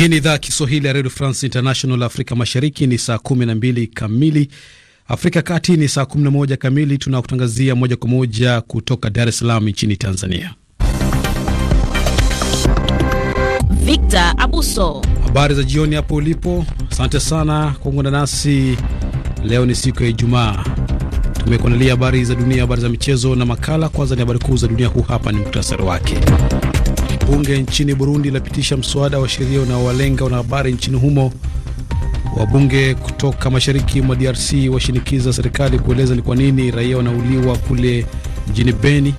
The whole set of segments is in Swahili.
Hii ni idhaa ya Kiswahili ya redio France International. Afrika mashariki ni saa 12 kamili, Afrika kati ni saa 11 kamili. Tunakutangazia moja kwa moja kutoka Dar es Salaam nchini Tanzania. Victor Abuso, habari za jioni hapo ulipo. Asante sana kwa kuungana nasi. Leo ni siku ya Ijumaa, tumekuandalia habari za dunia, habari za michezo na makala. Kwanza ni habari kuu za dunia, huu hapa ni mktasari wake. Bunge nchini Burundi lapitisha mswada wa sheria unaowalenga wanahabari nchini humo. Wabunge kutoka mashariki mwa DRC washinikiza serikali kueleza ni kwa nini raia wanauliwa kule mjini Beni.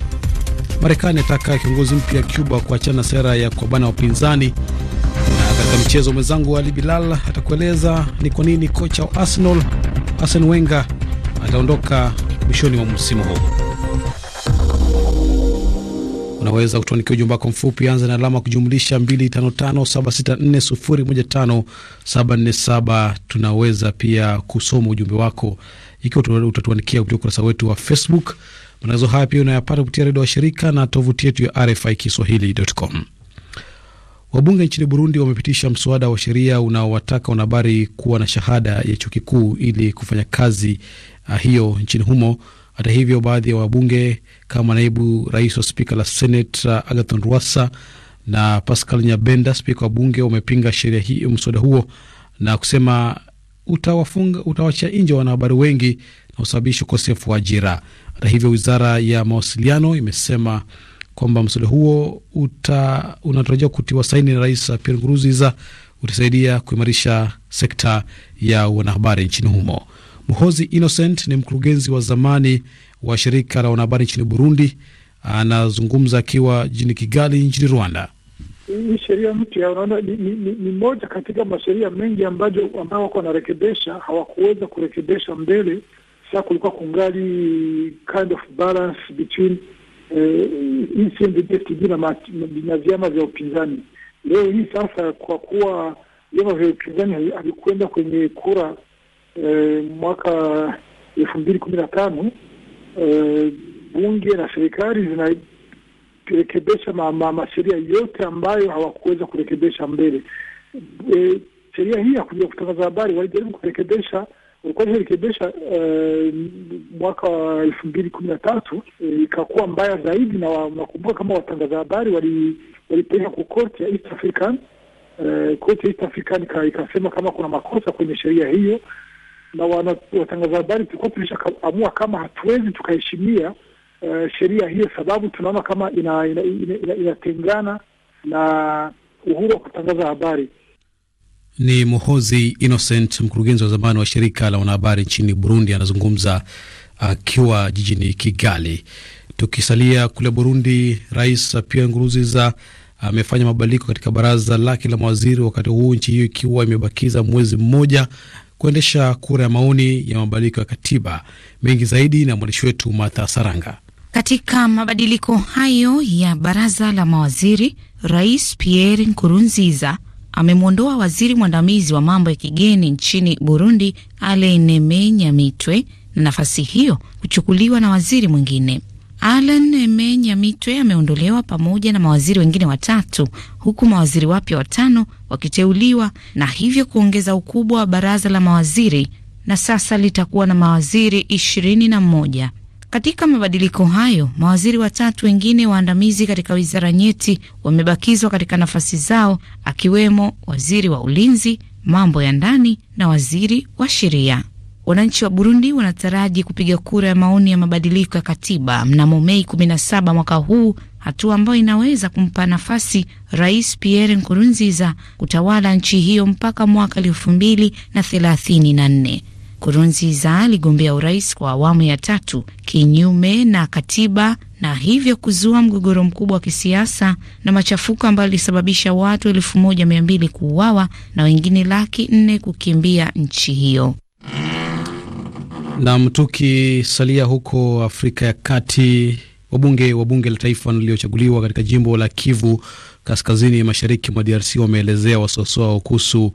Marekani ataka kiongozi mpya Cuba kuachana na sera ya kubana wapinzani. Na katika mchezo, mwenzangu Ali Bilal atakueleza ni kwa nini kocha wa Arsenal Arsene Wenger ataondoka mwishoni mwa msimu huu. Unaweza kutuandikia ujumbe wako mfupi, anza na alama kujumlisha 255764015747. Tunaweza pia kusoma ujumbe wako ikiwa utatuandikia kupitia ukurasa wetu wa Facebook. Matangazo haya pia unayapata kupitia redio wa shirika na tovuti yetu ya RFI Kiswahili.com. Wabunge nchini Burundi wamepitisha mswada wa sheria unaowataka wanahabari kuwa na shahada ya chuo kikuu ili kufanya kazi uh, hiyo nchini humo. Hata hivyo, baadhi ya wabunge kama naibu rais wa spika la Senate Agathon Rwasa na Pascal Nyabenda, spika wa bunge, wamepinga sheria hii, mswada huo na kusema utawafunga utawacha nje wanahabari wengi na usababishi ukosefu wa ajira. Hata hivyo, wizara ya mawasiliano imesema kwamba mswada huo unatarajiwa kutiwa saini na Rais Pierre Nkurunziza, utasaidia kuimarisha sekta ya wanahabari nchini humo. Mhozi Innocent ni mkurugenzi wa zamani wa shirika la wanahabari nchini Burundi, anazungumza akiwa jijini Kigali nchini Rwanda. Hii sheria mpya unaona ni, ni, ni, ni moja katika masheria mengi ambayo ambao wako wanarekebesha hawakuweza kurekebesha mbele. Sasa kulikuwa kungali kind of balance between eh, na vyama vya upinzani. Leo hii sasa, kwa kuwa vyama vya upinzani havikuenda kwenye kura Eh, mwaka elfu mbili kumi na tano eh, bunge na serikali zinarekebesha masheria ma, ma yote ambayo hawakuweza kurekebesha mbele. E, sheria hii ya kuja kutangaza habari walijaribu kurekebesha walikuwa kurekebisha e, mwaka wa elfu mbili kumi na tatu ikakuwa mbaya zaidi, na nakumbuka kama watangaza habari walipeleka wali ku court ya East African. E, court ya East African ikasema kama kuna makosa kwenye sheria hiyo na watangaza habari, tulikuwa amua kama hatuwezi tukaheshimia uh, sheria hiyo, sababu tunaona kama inatengana ina, ina, ina, ina na uhuru wa kutangaza habari. Ni Muhozi Innocent, mkurugenzi wa zamani wa shirika la wanahabari nchini Burundi, anazungumza akiwa uh, jijini Kigali. Tukisalia kule Burundi, Rais Pierre Nkurunziza amefanya mabadiliko katika baraza lake la mawaziri, wakati huu nchi hiyo ikiwa imebakiza mwezi mmoja kuendesha kura ya maoni ya mabadiliko ya katiba. Mengi zaidi na mwandishi wetu Martha Saranga. Katika mabadiliko hayo ya baraza la mawaziri, Rais Pierre Nkurunziza amemwondoa waziri mwandamizi wa mambo ya kigeni nchini Burundi Alain Neme Nyamitwe na nafasi hiyo kuchukuliwa na waziri mwingine. Alan Emenyamitwe ameondolewa pamoja na mawaziri wengine watatu huku mawaziri wapya watano wakiteuliwa na hivyo kuongeza ukubwa wa baraza la mawaziri na sasa litakuwa na mawaziri ishirini na mmoja. Katika mabadiliko hayo, mawaziri watatu wengine waandamizi katika wizara nyeti wamebakizwa katika nafasi zao, akiwemo waziri wa ulinzi, mambo ya ndani na waziri wa sheria. Wananchi wa Burundi wanataraji kupiga kura ya maoni ya mabadiliko ya katiba mnamo Mei 17 mwaka huu, hatua ambayo inaweza kumpa nafasi Rais Pierre Nkurunziza kutawala nchi hiyo mpaka mwaka elfu mbili na thelathini na nne. aligombea urais kwa awamu ya tatu kinyume na katiba na hivyo kuzua mgogoro mkubwa wa kisiasa na machafuko ambayo ilisababisha watu elfu moja mia mbili kuuawa na wengine laki nne kukimbia nchi hiyo. Nam, tukisalia huko Afrika ya Kati, wabunge wa bunge la taifa waliochaguliwa katika jimbo la Kivu kaskazini mashariki mwa DRC wameelezea wasiwasi wao kuhusu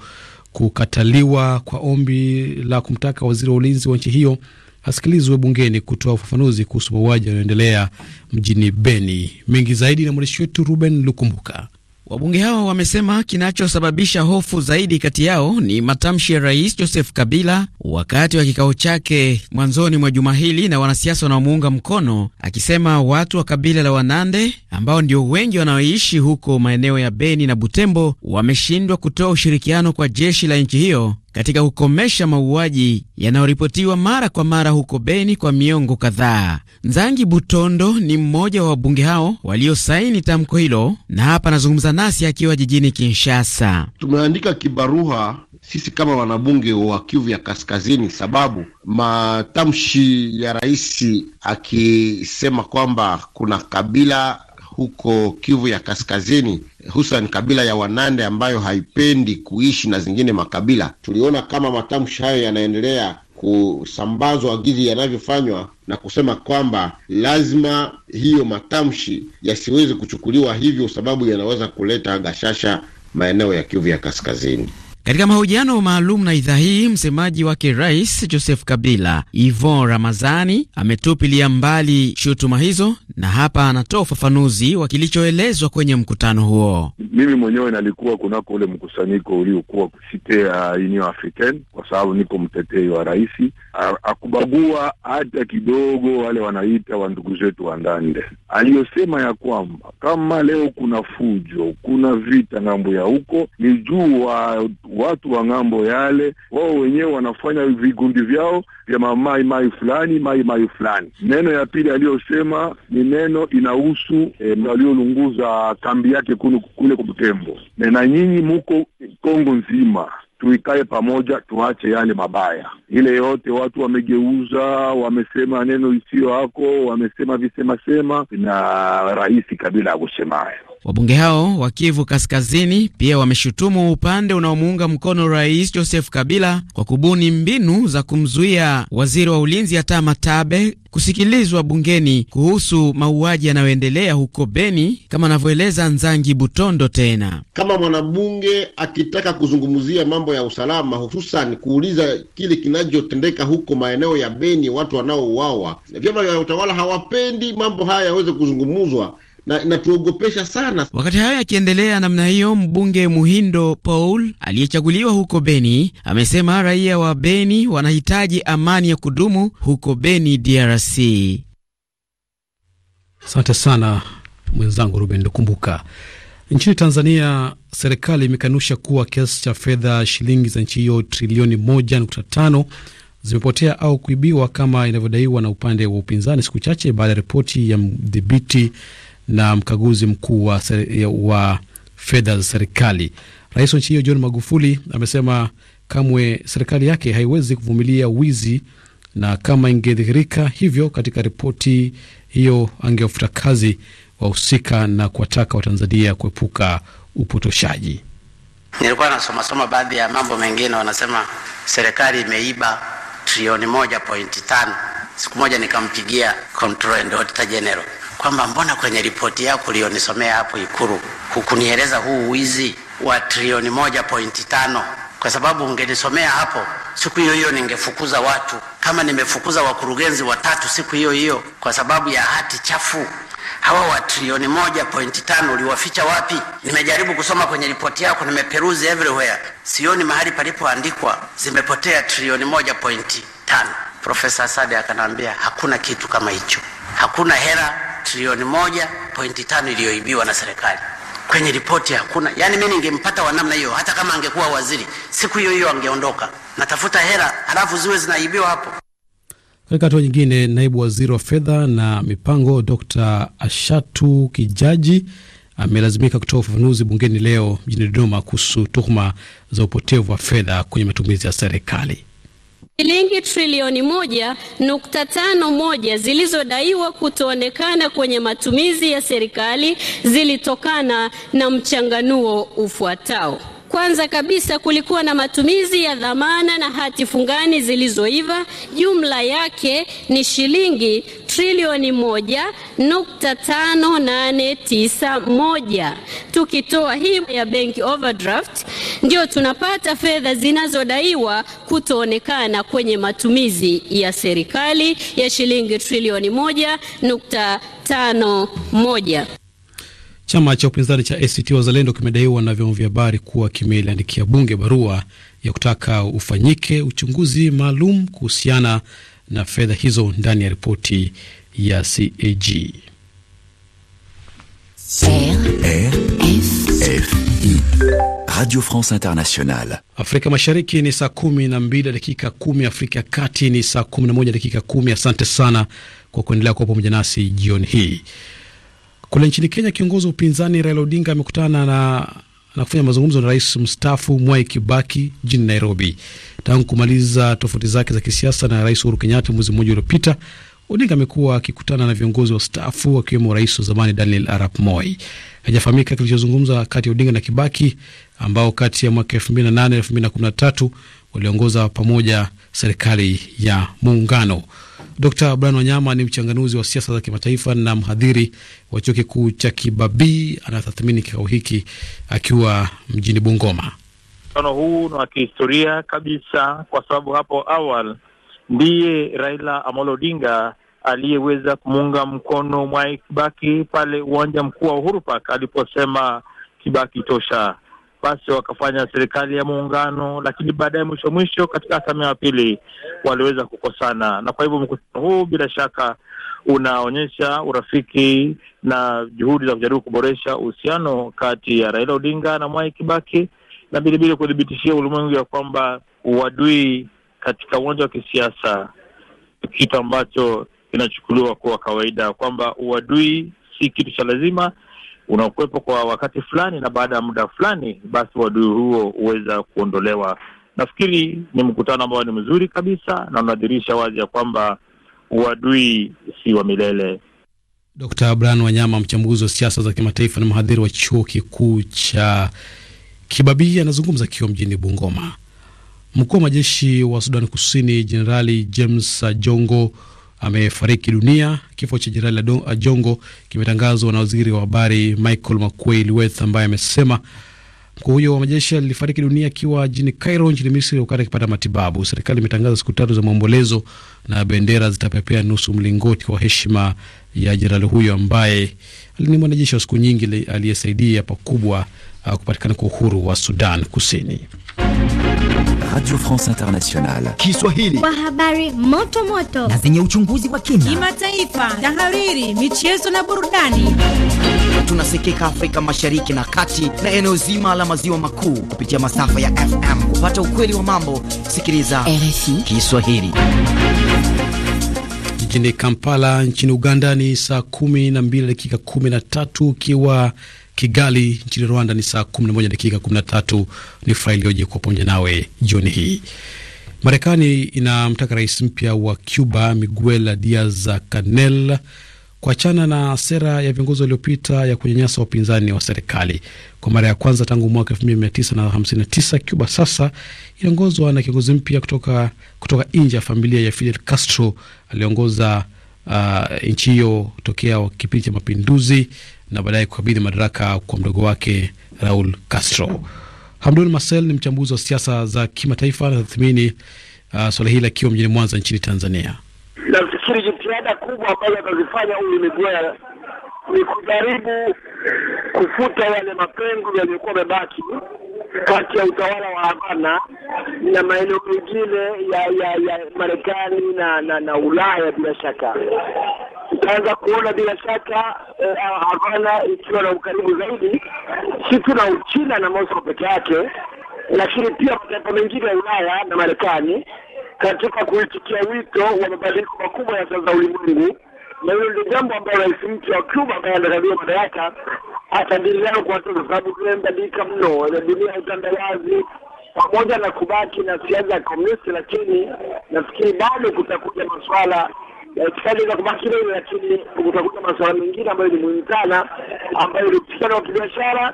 kukataliwa kwa ombi la kumtaka waziri wa ulinzi wa nchi hiyo asikilizwe bungeni kutoa ufafanuzi kuhusu mauaji yanayoendelea mjini Beni. Mengi zaidi na mwandishi wetu Ruben Lukumbuka. Wabunge hao wamesema kinachosababisha hofu zaidi kati yao ni matamshi ya Rais Joseph Kabila wakati wa kikao chake mwanzoni mwa juma hili na wanasiasa wanaomuunga mkono, akisema watu wa kabila la Wanande ambao ndio wengi wanaoishi huko maeneo ya Beni na Butembo wameshindwa kutoa ushirikiano kwa jeshi la nchi hiyo katika kukomesha mauaji yanayoripotiwa mara kwa mara huko Beni kwa miongo kadhaa. Nzangi Butondo ni mmoja wa wabunge hao waliosaini tamko hilo, na hapa anazungumza nasi akiwa jijini Kinshasa. Tumeandika kibaruha sisi kama wanabunge wa Kivu ya Kaskazini, sababu matamshi ya rais akisema kwamba kuna kabila huko Kivu ya Kaskazini hususan kabila ya Wanande ambayo haipendi kuishi na zingine makabila. Tuliona kama matamshi hayo yanaendelea kusambazwa gizi yanavyofanywa na kusema kwamba lazima hiyo matamshi yasiwezi kuchukuliwa hivyo, sababu yanaweza kuleta gashasha maeneo ya Kivu ya Kaskazini. Katika mahojiano maalum na idhaa hii, msemaji wake Rais Joseph Kabila Yvon Ramazani ametupilia mbali shutuma hizo, na hapa anatoa ufafanuzi wa kilichoelezwa kwenye mkutano huo. Mimi mwenyewe nalikuwa kunako ule mkusanyiko uliokuwa site ya Union Africaine, kwa sababu niko mtetei wa rais, akubagua hata kidogo wale wanaita wa ndugu zetu wa Ndande, aliyosema ya kwamba kama leo kuna fujo, kuna vita ng'ambo ya huko, ni juu wa watu wa ng'ambo yale wao wenyewe wanafanya vigundi vyao vya mamai mai fulani mai mai fulani. Neno ya pili aliyosema ni neno inahusu eh, kambi yake kule kwa na, na nyinyi muko Kongo nzima tuikae pamoja, tuache yale mabaya. Ile yote watu wamegeuza, wamesema neno isiyo hako, wamesema visema sema na rahisi kabila ya kusemaye Wabunge hao wa Kivu Kaskazini pia wameshutumu upande unaomuunga mkono Rais Joseph Kabila kwa kubuni mbinu za kumzuia waziri wa ulinzi Atama Matabe kusikilizwa bungeni kuhusu mauaji yanayoendelea huko Beni, kama anavyoeleza Nzangi Butondo. Tena kama mwanabunge akitaka kuzungumzia mambo ya usalama, hususan kuuliza kile kinachotendeka huko maeneo ya Beni, watu wanaouawa, vyama vya utawala hawapendi mambo haya yaweze kuzungumzwa na inatuogopesha sana. Wakati haya yakiendelea namna hiyo, mbunge Muhindo Paul aliyechaguliwa huko Beni amesema raia wa Beni wanahitaji amani ya kudumu huko Beni, DRC. Asante sana mwenzangu Ruben Lukumbuka. Nchini Tanzania, serikali imekanusha kuwa kiasi cha fedha shilingi za nchi hiyo trilioni 1.5 zimepotea au kuibiwa kama inavyodaiwa na upande wa upinzani, siku chache baada ya ripoti ya mdhibiti na mkaguzi mkuu wa, wa fedha za serikali. Rais wa nchi hiyo John Magufuli amesema kamwe serikali yake haiwezi kuvumilia wizi na kama ingedhihirika hivyo katika ripoti hiyo angewafuta kazi wahusika na kuwataka Watanzania kuepuka upotoshaji. Nilikuwa nasomasoma baadhi ya mambo mengine, wanasema serikali imeiba trilioni moja pointi tano. Siku moja nikampigia Comptroller Auditor General kwamba mbona kwenye ripoti yako uliyonisomea hapo Ikuru hukunieleza huu wizi wa trilioni moja pointi tano kwa sababu ungenisomea hapo siku hiyo hiyo ningefukuza watu, kama nimefukuza wakurugenzi watatu siku hiyo hiyo kwa sababu ya hati chafu. Hawa wa trilioni moja pointi tano uliwaficha wapi? Nimejaribu kusoma kwenye ripoti yako, nimeperuzi everywhere, sioni mahali palipoandikwa zimepotea trilioni moja pointi tano. Profesa Sade akanaambia hakuna kitu kama hicho, hakuna hela trilioni moja pointi tano iliyoibiwa na serikali kwenye ripoti hakuna. yani mimi ningempata wa namna hiyo, hata kama angekuwa waziri, siku hiyo hiyo angeondoka. Natafuta hela halafu ziwe zinaibiwa hapo. Katika hatua nyingine, naibu waziri wa fedha na mipango Dr. Ashatu Kijaji amelazimika kutoa ufafanuzi bungeni leo mjini Dodoma kuhusu tuhuma za upotevu wa fedha kwenye matumizi ya serikali. Shilingi trilioni moja nukta tano moja zilizodaiwa kutoonekana kwenye matumizi ya serikali zilitokana na mchanganuo ufuatao. Kwanza kabisa kulikuwa na matumizi ya dhamana na hati fungani zilizoiva, jumla yake ni shilingi trilioni moja nukta tano nane tisa moja. Tukitoa hii ya benki overdraft, ndio tunapata fedha zinazodaiwa kutoonekana kwenye matumizi ya serikali ya shilingi trilioni moja nukta tano moja. Chama cha upinzani cha ACT Wazalendo kimedaiwa na vyombo vya habari kuwa kimeliandikia bunge barua ya kutaka ufanyike uchunguzi maalum kuhusiana na fedha hizo ndani ya ripoti ya CAG. RFI Radio France Internationale. Afrika Mashariki ni saa kumi na mbili dakika kumi, Afrika ya Kati ni saa kumi na moja dakika kumi. Asante sana kwa kuendelea kuwa pamoja nasi jioni hii. Kule nchini Kenya, kiongozi wa upinzani Raila Odinga amekutana na na kufanya mazungumzo na rais mstaafu Mwai Kibaki jijini Nairobi. Tangu kumaliza tofauti zake za kisiasa na rais Uhuru Kenyatta mwezi mmoja uliopita, Odinga amekuwa akikutana na viongozi wa staafu wakiwemo rais wa zamani Daniel Arap Moi. Hajafahamika kilichozungumza kati ya Odinga na Kibaki ambao kati ya mwaka elfu mbili na nane elfu mbili na kumi na tatu waliongoza pamoja serikali ya muungano. Dr Brian Wanyama ni mchanganuzi wa siasa za kimataifa na mhadhiri wa chuo kikuu cha Kibabii anatathmini kikao hiki akiwa mjini Bungoma. Mkutano huu ni wa kihistoria kabisa, kwa sababu hapo awali ndiye Raila Amolo Odinga aliyeweza kumuunga mkono Mwai Kibaki pale uwanja mkuu wa Uhuru Park aliposema Kibaki tosha basi wakafanya serikali ya muungano, lakini baadaye mwisho mwisho katika asamia ya pili waliweza kukosana, na kwa hivyo mkutano huu bila shaka unaonyesha urafiki na juhudi za kujaribu kuboresha uhusiano kati ya Raila Odinga na Mwai Kibaki, na vilevile kuthibitishia ulimwengu ya kwamba uadui katika uwanja wa kisiasa kitu ambacho kinachukuliwa kuwa kawaida, kwamba uadui si kitu cha lazima unaokuwepo kwa wakati fulani, na baada ya muda fulani, basi uadui huo huweza kuondolewa. Nafikiri ni mkutano ambao ni mzuri kabisa na unadhirisha wazi ya kwamba uadui si wa milele. d Brian Wanyama, mchambuzi wa siasa za kimataifa na mhadhiri wa chuo kikuu cha Kibabii, anazungumza akiwa mjini Bungoma. Mkuu wa majeshi wa Sudan Kusini Jenerali James Ajongo amefariki dunia. Kifo cha Jenerali Ajongo eh, kimetangazwa na waziri wa habari Michael Makuei Lueth ambaye amesema mkuu huyo wa majeshi alifariki dunia akiwa jini Cairo nchini Misri wakati akipata matibabu. Serikali imetangaza siku tatu za maombolezo na bendera zitapepea nusu mlingoti kwa heshima ya jenerali huyo ambaye ni mwanajeshi wa siku nyingi aliyesaidia pakubwa eh, kupatikana kwa uhuru wa Sudan Kusini. Radio France Internationale Kiswahili, kwa habari moto moto na zenye uchunguzi wa kina, kimataifa, tahariri, michezo na burudani. Tunasikika Afrika Mashariki na Kati na eneo zima la maziwa makuu kupitia masafa ya FM. Kupata ukweli wa mambo, sikiliza RFI Kiswahili. Jijini Kampala nchini Uganda ni saa kumi na mbili dakika kumi na tatu ukiwa Kigali nchini Rwanda ni saa 11 dakika 13. Ni faili yoje kwa pamoja nawe jioni hii. Marekani inamtaka rais mpya wa Cuba Miguel Diaz Canel kuachana na sera ya viongozi waliopita ya kunyanyasa wapinzani wa serikali. Kwa mara ya kwanza tangu mwaka 1959 Cuba sasa inaongozwa na kiongozi mpya kutoka, kutoka nje ya familia ya Fidel Castro aliongoza uh, nchi hiyo tokea kipindi cha mapinduzi na baadaye kukabidhi madaraka kwa mdogo wake Raul Castro. Hamdun Marcel ni mchambuzi wa siasa za kimataifa, tathmini uh, suala hili akiwa mjini Mwanza nchini Tanzania. Nafikiri jitihada kubwa ambazo atazifanya huyu Miguel ni kujaribu kufuta yale mapengo yaliyokuwa yamebaki kati ya utawala wa Havana na maeneo mengine ya ya, ya Marekani na, na na Ulaya. Bila shaka utaanza kuona bila shaka eh, Havana ikiwa na ukaribu zaidi si tu na Uchina na Moscow peke yake, lakini pia mataifa mengine ya Ulaya na Marekani katika kuitikia wito wa mabadiliko makubwa ya sasa ulimwengu na hilo ndio jambo ambalo rais mpya wa Cuba ambaye anakabia madaraka atadiliana kwa watu, sababu imebadilika mno na dunia utandawazi, pamoja na kubaki na siasa ya komunisti, lakini nafikiri bado kutakuja masuala ya itikadi za kubaki ile, lakini kutakuja masuala mengine ambayo ni muhimu sana, ambayo ni uhusiano wa kibiashara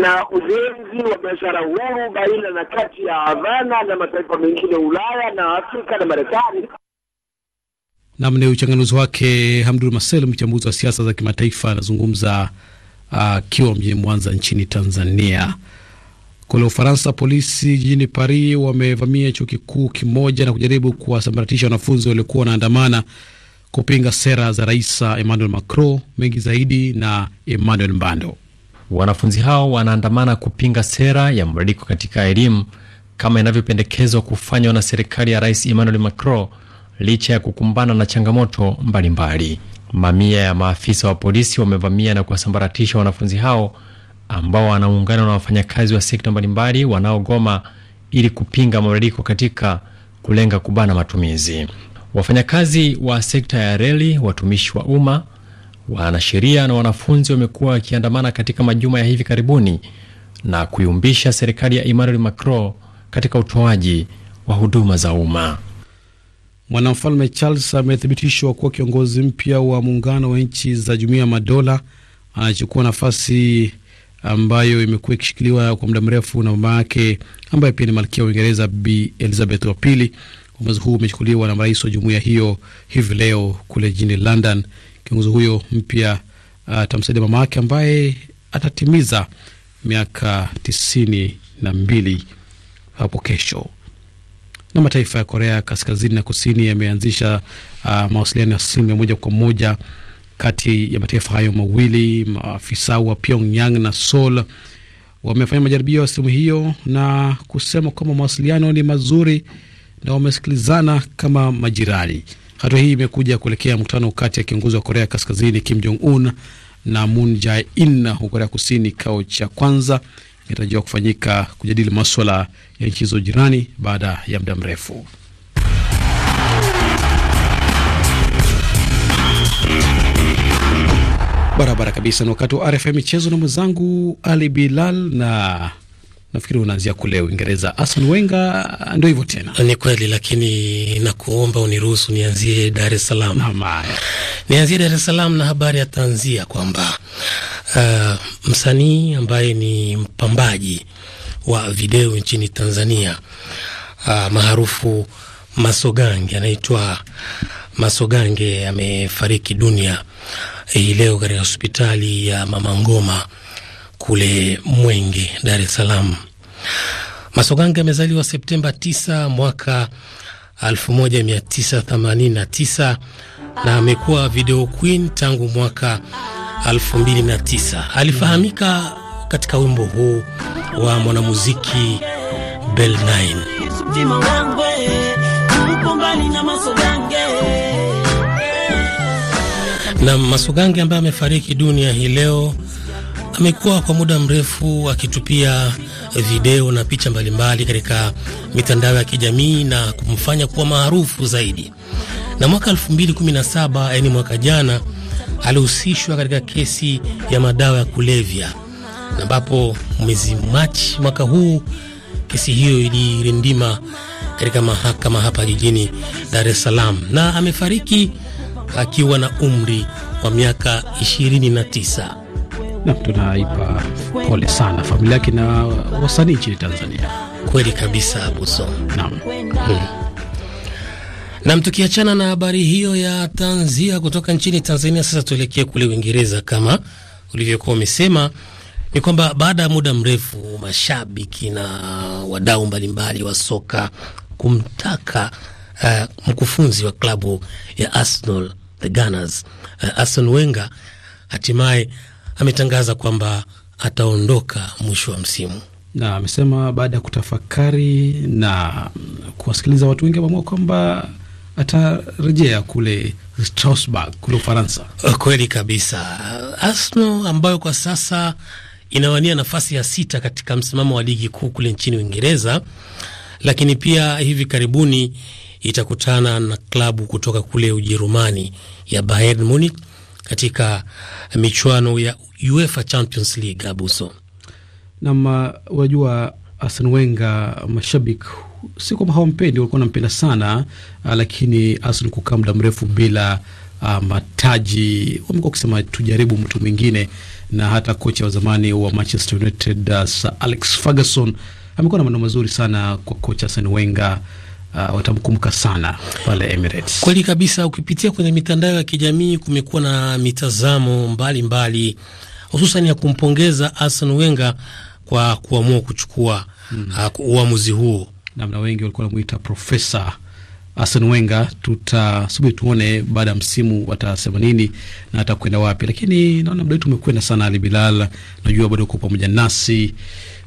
na ujenzi wa biashara huru baina na kati ya Havana na mataifa mengine Ulaya na Afrika na Marekani. Nam ni uchanganuzi wake Hamdul Masel, mchambuzi wa siasa za kimataifa, anazungumza ah, akiwa uh, mjini Mwanza nchini Tanzania. Kule Ufaransa, polisi jijini Paris wamevamia chuo kikuu kimoja na kujaribu kuwasambaratisha wanafunzi waliokuwa wanaandamana kupinga sera za Rais Emmanuel Macron. Mengi zaidi na Emmanuel Mbando. Wanafunzi hao wanaandamana kupinga sera ya mabadiliko katika elimu kama inavyopendekezwa kufanywa na serikali ya Rais Emmanuel Macron licha ya kukumbana na changamoto mbalimbali mbali. Mamia ya maafisa wa polisi wamevamia na kuwasambaratisha wanafunzi hao ambao wanaungana na wafanyakazi wa sekta mbalimbali wanaogoma ili kupinga mabadiliko katika kulenga kubana matumizi. Wafanyakazi wa sekta ya reli, watumishi wa umma, wanasheria na wanafunzi wamekuwa wakiandamana katika majuma ya hivi karibuni na kuiumbisha serikali ya Emmanuel Macron katika utoaji wa huduma za umma. Mwanamfalme Charles amethibitishwa kuwa kiongozi mpya wa muungano wa nchi za jumuiya ya madola. Anachukua nafasi ambayo imekuwa ikishikiliwa kwa muda mrefu na mama yake ambaye pia ni malkia wa Uingereza, Bi Elizabeth wa Pili. Uamuzi huu umechukuliwa na rais wa jumuiya hiyo hivi leo kule jijini London. Kiongozi huyo mpya uh, atamsaidia mama yake ambaye atatimiza miaka tisini na mbili hapo kesho na mataifa ya Korea Kaskazini na Kusini yameanzisha uh, mawasiliano ya simu ya moja kwa moja kati ya mataifa hayo mawili. Maafisa wa Pyongyang na Seoul wamefanya majaribio ya simu hiyo na kusema kwamba mawasiliano ni mazuri na wamesikilizana kama majirani. Hatua hii imekuja kuelekea mkutano kati ya kiongozi wa Korea Kaskazini Kim Jong Un na Moon Jae-in Korea Kusini. Kikao cha kwanza inatarajiwa kufanyika kujadili maswala ya nchi hizo jirani baada ya muda mrefu. Barabara kabisa ni wakati wa RFM michezo na mwenzangu Ali Bilal na nafikiri unaanzia kule Uingereza. Arsene Wenga. ndio hivyo tena, ni kweli, lakini nakuomba uniruhusu nianzie Dar es Salaam. Nianzie Dar es Salaam na habari ya tanzia kwamba uh, msanii ambaye ni mpambaji wa video nchini Tanzania ah, maarufu Masogange, anaitwa Masogange amefariki dunia hii leo katika hospitali ya Mama Ngoma kule Mwenge, Dar es Salaam. Masogange amezaliwa Septemba 9 mwaka 1989 na amekuwa video queen tangu mwaka 2009. Alifahamika katika wimbo huu wa mwanamuziki Bell 9 na Masugange ambaye amefariki dunia hii leo. Amekuwa kwa muda mrefu akitupia video na picha mbalimbali katika mitandao ya kijamii na kumfanya kuwa maarufu zaidi. Na mwaka 2017, yaani mwaka jana, alihusishwa katika kesi ya madawa ya kulevya ambapo mwezi Machi mwaka huu kesi hiyo ilirindima katika mahakama hapa jijini Dar es Salaam, na amefariki akiwa na umri wa miaka 29. Na tunaipa pole sana familia yake na wasanii nchini Tanzania. Kweli kabisa, buso Naam. Hmm. Nam, tukiachana na habari hiyo ya tanzia kutoka nchini Tanzania, sasa tuelekee kule Uingereza kama ulivyokuwa umesema ni kwamba baada ya muda mrefu mashabiki na wadau mbalimbali wa soka kumtaka uh, mkufunzi wa klabu ya Arsenal the Gunners uh, Arsene Wenger hatimaye ametangaza kwamba ataondoka mwisho wa msimu, na amesema baada ya kutafakari na kuwasikiliza watu wengi ameamua kwamba atarejea kule Strasbourg kule Ufaransa. Kweli kabisa, Arsenal ambayo kwa sasa inawania nafasi ya sita katika msimamo wa ligi kuu kule nchini Uingereza, lakini pia hivi karibuni itakutana na klabu kutoka kule Ujerumani ya Bayern Munich katika michuano ya UEFA Champions League. Abuso nam, uh, wajua Arsene Wenger mashabiki si kwamba hawampendi, walikuwa wanampenda sana, uh, lakini Arsenal kukaa muda mrefu bila uh, mataji. Wamekuwa wakisema tujaribu mtu mwingine, na hata kocha wa zamani wa Manchester United uh, Sir Alex Ferguson amekuwa na maneno mazuri sana kwa kocha Arsene Wenger. Uh, watamkumbuka sana pale Emirates. Kweli kabisa, ukipitia kwenye mitandao ya kijamii kumekuwa na mitazamo mbalimbali, hususan ya kumpongeza Arsene Wenger kwa kuamua kuchukua mm, uh, uamuzi huo, namna wengi walikuwa wanamuita profesa Arsene Wenger. Tutasubiri tuone baada ya msimu watasema nini na atakwenda wapi, lakini naona muda wetu umekwenda sana. Ali Bilal, najua bado uko pamoja nasi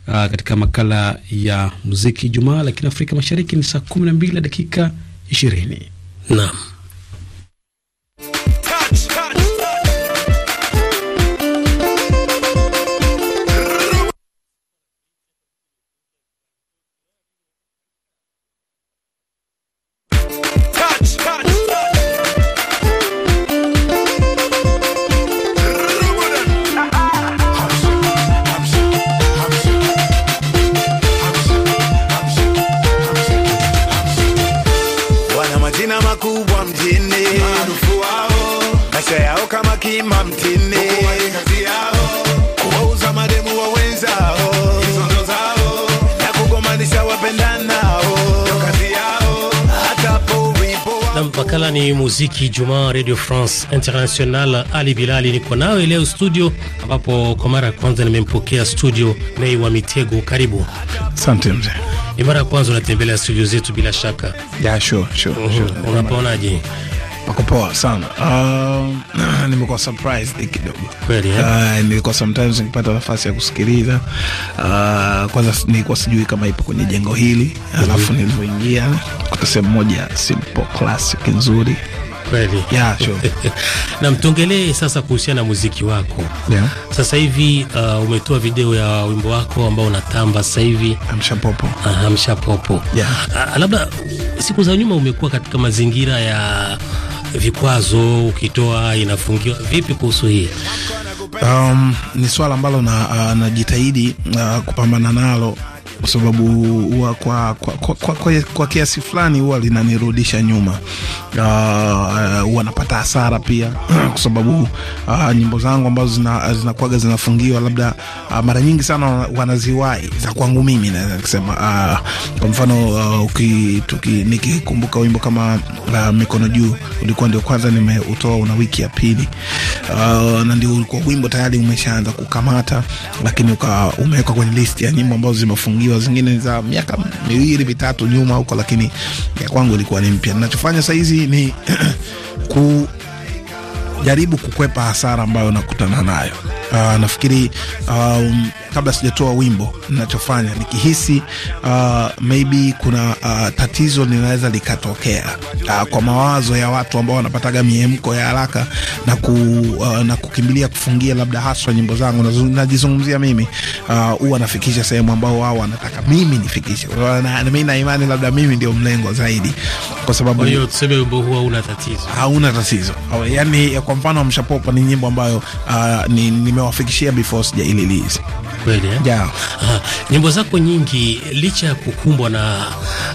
uh, katika makala ya muziki Ijumaa, lakini Afrika Mashariki ni saa kumi na mbili na dakika ishirini. Naam. Makala ni muziki Jumaa, Radio France International. Ali Bilali niko nawe leo studio, ambapo kwa mara ya kwanza nimempokea studio Nei wa Mitego. Karibu. Asante mzee. Ni mara ya kwanza unatembelea studio zetu bila shaka? Yeah, sure, sure, mhm. sure. Unapaonaje? Pako poa sana. Um, nimekuwa surprised kidogo kweli eh? Uh, nilikuwa sometimes nikipata nafasi ya kusikiliza uh, kwanza nilikuwa sijui kama ipo kwenye jengo hili alafu mhm. nilivyoingia kuta sehemu moja simple classic nzuri kweli yeah, sure. na mtongelee sasa kuhusiana na muziki wako yeah. Sasa hivi uh, umetoa video ya wimbo wako ambao unatamba sasa hivi Yeah. Uh, labda siku za nyuma umekuwa katika mazingira ya vikwazo, ukitoa inafungiwa vipi? Kuhusu hii um, ni swala ambalo najitahidi na, uh, na uh, kupambana nalo kwa sababu huwa kwa, kwa, kwa, kwa, kwa, kwa kiasi fulani huwa linanirudisha nyuma. Uh, uh, napata hasara pia kwa sababu uh, nyimbo zangu ambazo zinakwaga zina zinafungiwa labda uh, mara nyingi sana wanaziwai za kwangu mimi naweza kusema uh, kwa mfano uh, nikikumbuka wimbo kama uh, mikono juu ulikuwa ndio kwanza nimeutoa una wiki ya pili uh, na ndio ulikuwa wimbo tayari umeshaanza kukamata, lakini umewekwa kwenye list ya nyimbo ambazo zimefungiwa nimeajiriwa zingine za miaka miwili mitatu nyuma huko, lakini ya kwangu ilikuwa ni mpya. Ninachofanya sahizi ni kujaribu kukwepa hasara ambayo nakutana nayo Uh, nafikiri ah, um, kabla sijatoa wimbo ninachofanya nikihisi uh, maybe kuna uh, tatizo linaweza likatokea uh, kwa mawazo ya watu ambao wanapataga miemko ya haraka na, ku, uh, na kukimbilia kufungia labda haswa nyimbo zangu najizungumzia mimi huwa uh, nafikisha sehemu ambao wao wanataka mimi nifikishe. Mi na imani labda mimi ndio mlengo zaidi, kwa sababu hiyo tuseme wimbo huu hauna tatizo, hauna tatizo. Yani, kwa mfano Mshapopa ni nyimbo ambayo uh, ni, ni nimewafikishia before sijairilisi kweli eh? Yeah. Nyimbo zako nyingi licha ya kukumbwa na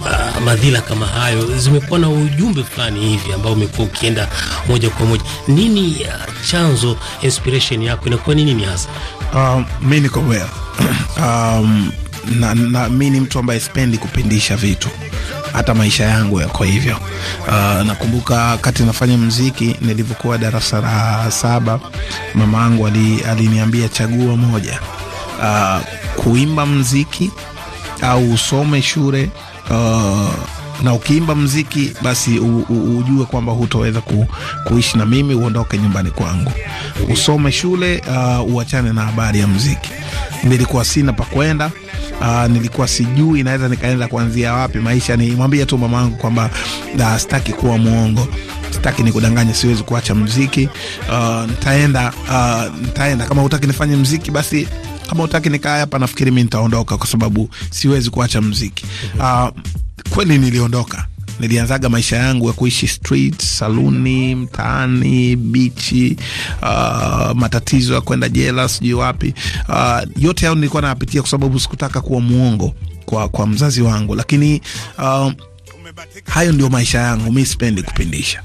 uh, madhila kama hayo zimekuwa na ujumbe fulani hivi ambao umekuwa ukienda moja kwa moja. Nini uh, chanzo inspiration yako inakuwa ni nini hasa? Um, mi niko well. Um, na, na mi ni mtu ambaye sipendi kupindisha vitu hata maisha yangu yako hivyo. Uh, nakumbuka wakati nafanya mziki nilivyokuwa darasa la saba, mama yangu aliniambia ali chagua moja, uh, kuimba mziki au usome shule uh, na ukiimba mziki basi u, u, ujue kwamba hutoweza ku, kuishi na mimi, uondoke nyumbani kwangu, usome shule, uh, uachane na habari ya mziki. Nilikuwa sina pa kwenda. Uh, nilikuwa sijui naweza nikaenda kuanzia wapi maisha. Nimwambia tu mama yangu kwamba uh, sitaki kuwa mwongo, sitaki kudanganya, siwezi kuacha mziki. Uh, ntaenda uh, ntaenda. kama utaki nifanye mziki basi kama utaki nikaa hapa, nafikiri mi nitaondoka kwa sababu siwezi kuacha mziki. Uh, kweli niliondoka. Nilianzaga maisha yangu ya kuishi street, saluni, mtaani, bichi, uh, matatizo ya kwenda jela, sijui wapi. Uh, yote hayo nilikuwa nayapitia kwa sababu sikutaka kuwa mwongo kwa, kwa mzazi wangu, lakini uh, hayo ndio maisha yangu. Mi sipendi kupindisha.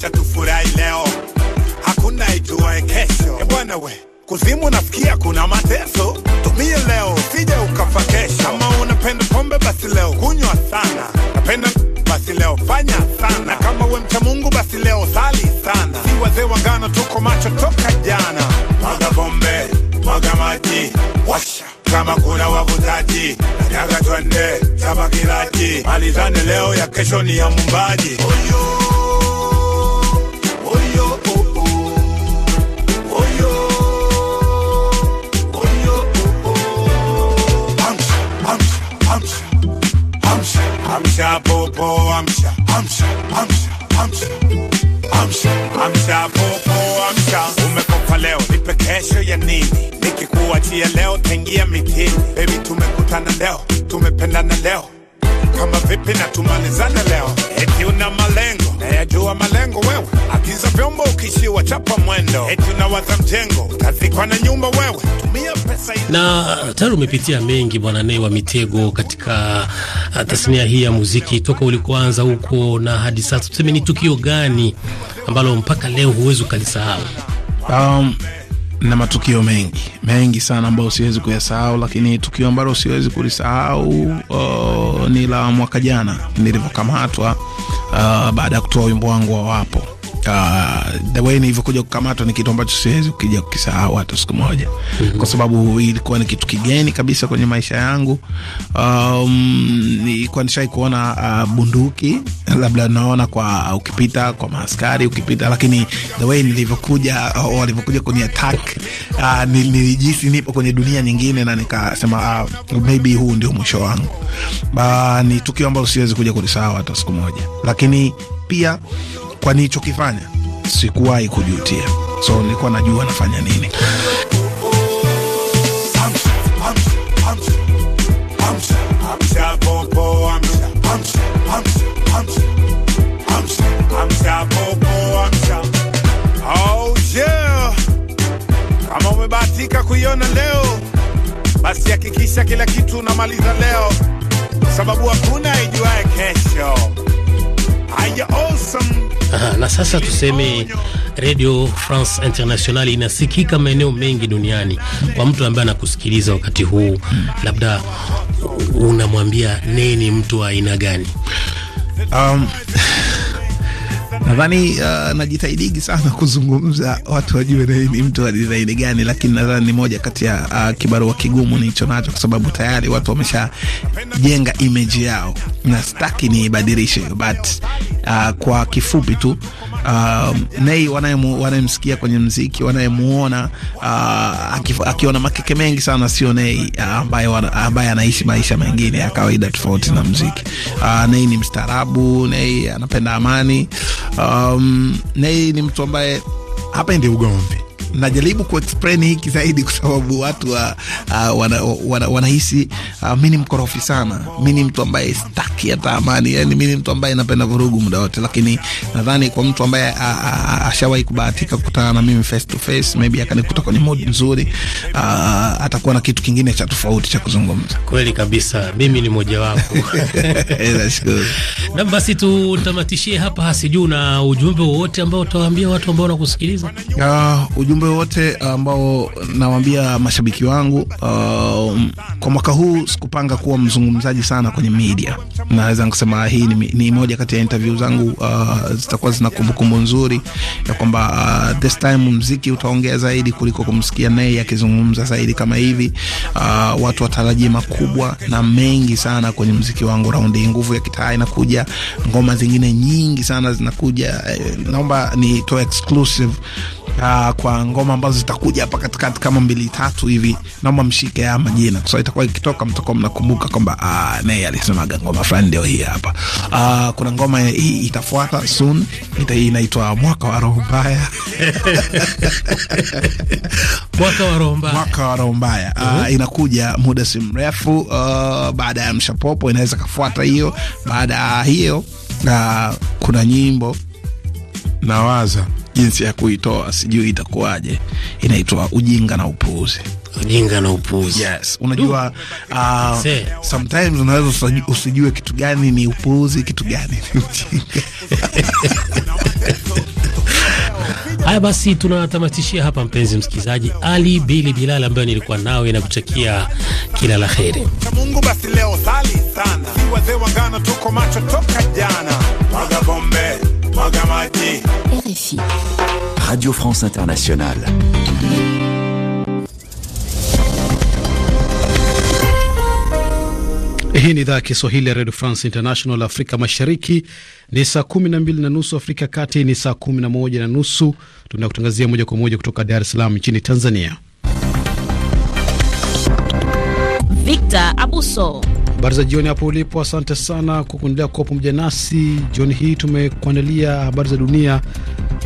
acha tufurahi leo, hakuna ijuae kesho. E bwana we, kuzimu nafikia kuna mateso, tumie leo sije ukafa kesho. Kama unapenda pombe basi leo kunywa sana, napenda basi leo fanya sana, na kama we mcha Mungu basi leo sali sana. Si wazee wa ngano, tuko macho toka jana. Mwaga pombe, mwaga maji, washa kama kuna wavutaji nataka twende chama kilaji malizane leo ya kesho ni ya mumbaji oh, amsha popo amsha amsha amsha amsha amsha amsha popo amsha umekufa leo nipe kesho ya nini nikikuachia leo tengia mitini baby tumekutana leo tumependana leo kama vipi na tumalizane leo, eti una malengo na yajua malengo wewe, akiza vyombo ukishiwa chapa mwendo, eti unawaza mjengo utazikwa na nyumba wewe, tumia pesa ili... na uh, tayari umepitia mengi bwana Nay wa Mitego katika uh, tasnia hii ya muziki toka ulikoanza huko na hadi sasa, tuseme ni tukio gani ambalo mpaka leo huwezi ukalisahau? um, na matukio mengi mengi sana ambayo siwezi kuyasahau, lakini tukio ambalo siwezi kulisahau oh, ni la mwaka jana nilivyokamatwa ah, baada ya kutoa wimbo wangu wa wapo Ah, the way nilivyokuja kukamatwa ni kitu ambacho siwezi kija kukisahau hata siku moja mm -hmm. kwa sababu ilikuwa ni kitu kigeni kabisa kwenye maisha yangu. Um, nilikuwa nishai kuona uh, bunduki labda naona kwa ah, ukipita kwa maaskari ukipita, lakini the way nilivyokuja oh, walivyokuja kwenye attack uh, nilijisi nipo kwenye dunia nyingine, na nikasema uh, maybe huu ndio mwisho wangu. Uh, ni tukio ambalo siwezi kuja kulisahau hata siku moja, lakini pia kwa nilichokifanya sikuwahi kujutia, so nilikuwa najua nafanya nini. Oh, Kama umebahatika kuiona leo, basi hakikisha kila kitu unamaliza leo, sababu hakuna ijuaye kesho. Aha, na sasa tuseme Radio France International inasikika maeneo mengi duniani. Kwa mtu ambaye anakusikiliza wakati huu, labda unamwambia nini mtu wa aina gani? um... Nadhani uh, najitahidigi sana kuzungumza watu wajue ni mtu wa dizaini gani, lakini nadhani ni moja kati ya uh, kibarua kigumu nicho nacho, kwa sababu tayari watu wameshajenga imeji yao na sitaki niibadilishe. But uh, kwa kifupi tu uh, Nay wanayemsikia kwenye mziki wanayemuona uh, akiona makeke mengi sana sio Nei uh, ambaye uh, anaishi maisha mengine ya kawaida tofauti na mziki uh, Nei ni mstaarabu, Nei anapenda amani Um, Nay ni mtu ambaye hapendi ugomvi najaribu kuexplain hiki zaidi kwa sababu watu wa, uh, wana, wana, wana uh, mi ni mkorofi sana, mi ni mtu ambaye staki hata amani, yani mi ni mtu ambaye napenda vurugu muda wote, lakini nadhani kwa mtu ambaye uh, uh, ashawahi kubahatika kukutana na mimi face to face, maybe akanikuta kwenye mood nzuri uh, atakuwa na kitu kingine cha tofauti cha kuzungumza. Kweli kabisa, mimi ni mmoja wapo. Eh, nashukuru na basi tutamatishie hapa. Sijui na ujumbe wowote ambao utawaambia watu ambao wanakusikiliza uh, ujumbe wote ambao nawaambia mashabiki wangu uh, kwa mwaka huu sikupanga kuwa mzungumzaji sana kwenye media. Naweza nikasema hii ni, ni moja kati ya interview zangu uh, zitakuwa zina kumbukumbu nzuri ya kwamba uh, this time mziki utaongea zaidi kuliko kumsikia naye akizungumza zaidi kama hivi. Uh, watu watarajia makubwa na mengi sana kwenye mziki wangu. Raundi nguvu ya kitaa inakuja, ngoma zingine nyingi sana zinakuja. Eh, naomba nitoe exclusive uh, kwa ngoma ambazo zitakuja hapa katikati kama mbili tatu hivi, naomba mshike haya majina, kwa so itakuwa ikitoka mtakuwa mnakumbuka kwamba ah, naye alisemaga ngoma fulani ndio hii hapa. Uh, kuna ngoma hii itafuata soon, ita hii inaitwa mwaka wa roho mbaya mwaka wa roho mbaya, mwaka wa roho mbaya. Uh, ah, uh -huh. Inakuja muda si mrefu uh, baada ya mshapopo inaweza kafuata hiyo. Baada ya hiyo uh, kuna nyimbo nawaza jinsi ya kuitoa sijui itakuwaje, inaitwa ujinga na upuuzi. Ujinga na upuuzi. Yes, unajua uh, uh sometimes unaweza usijue kitu gani ni upuuzi, kitu gani ni ujinga. Haya basi, tunatamatishia hapa mpenzi msikilizaji. Ali Bili Bilal ambayo nilikuwa nawe na kutakia kila la heri. Mungu basi leo sali sana, si wazee wangana, tuko macho toka jana RFI. Radio France Internationale. Hii ni idhaa ya Kiswahili ya redio France International. Afrika mashariki ni saa kumi na mbili na nusu, Afrika kati ni saa kumi na moja na nusu. Tunakutangazia moja kwa moja kutoka Dar es Salaam nchini Tanzania. Victor Abuso Habari za jioni hapo ulipo, asante sana kwa kuendelea kuwa pamoja nasi jioni hii. Tumekuandalia habari za dunia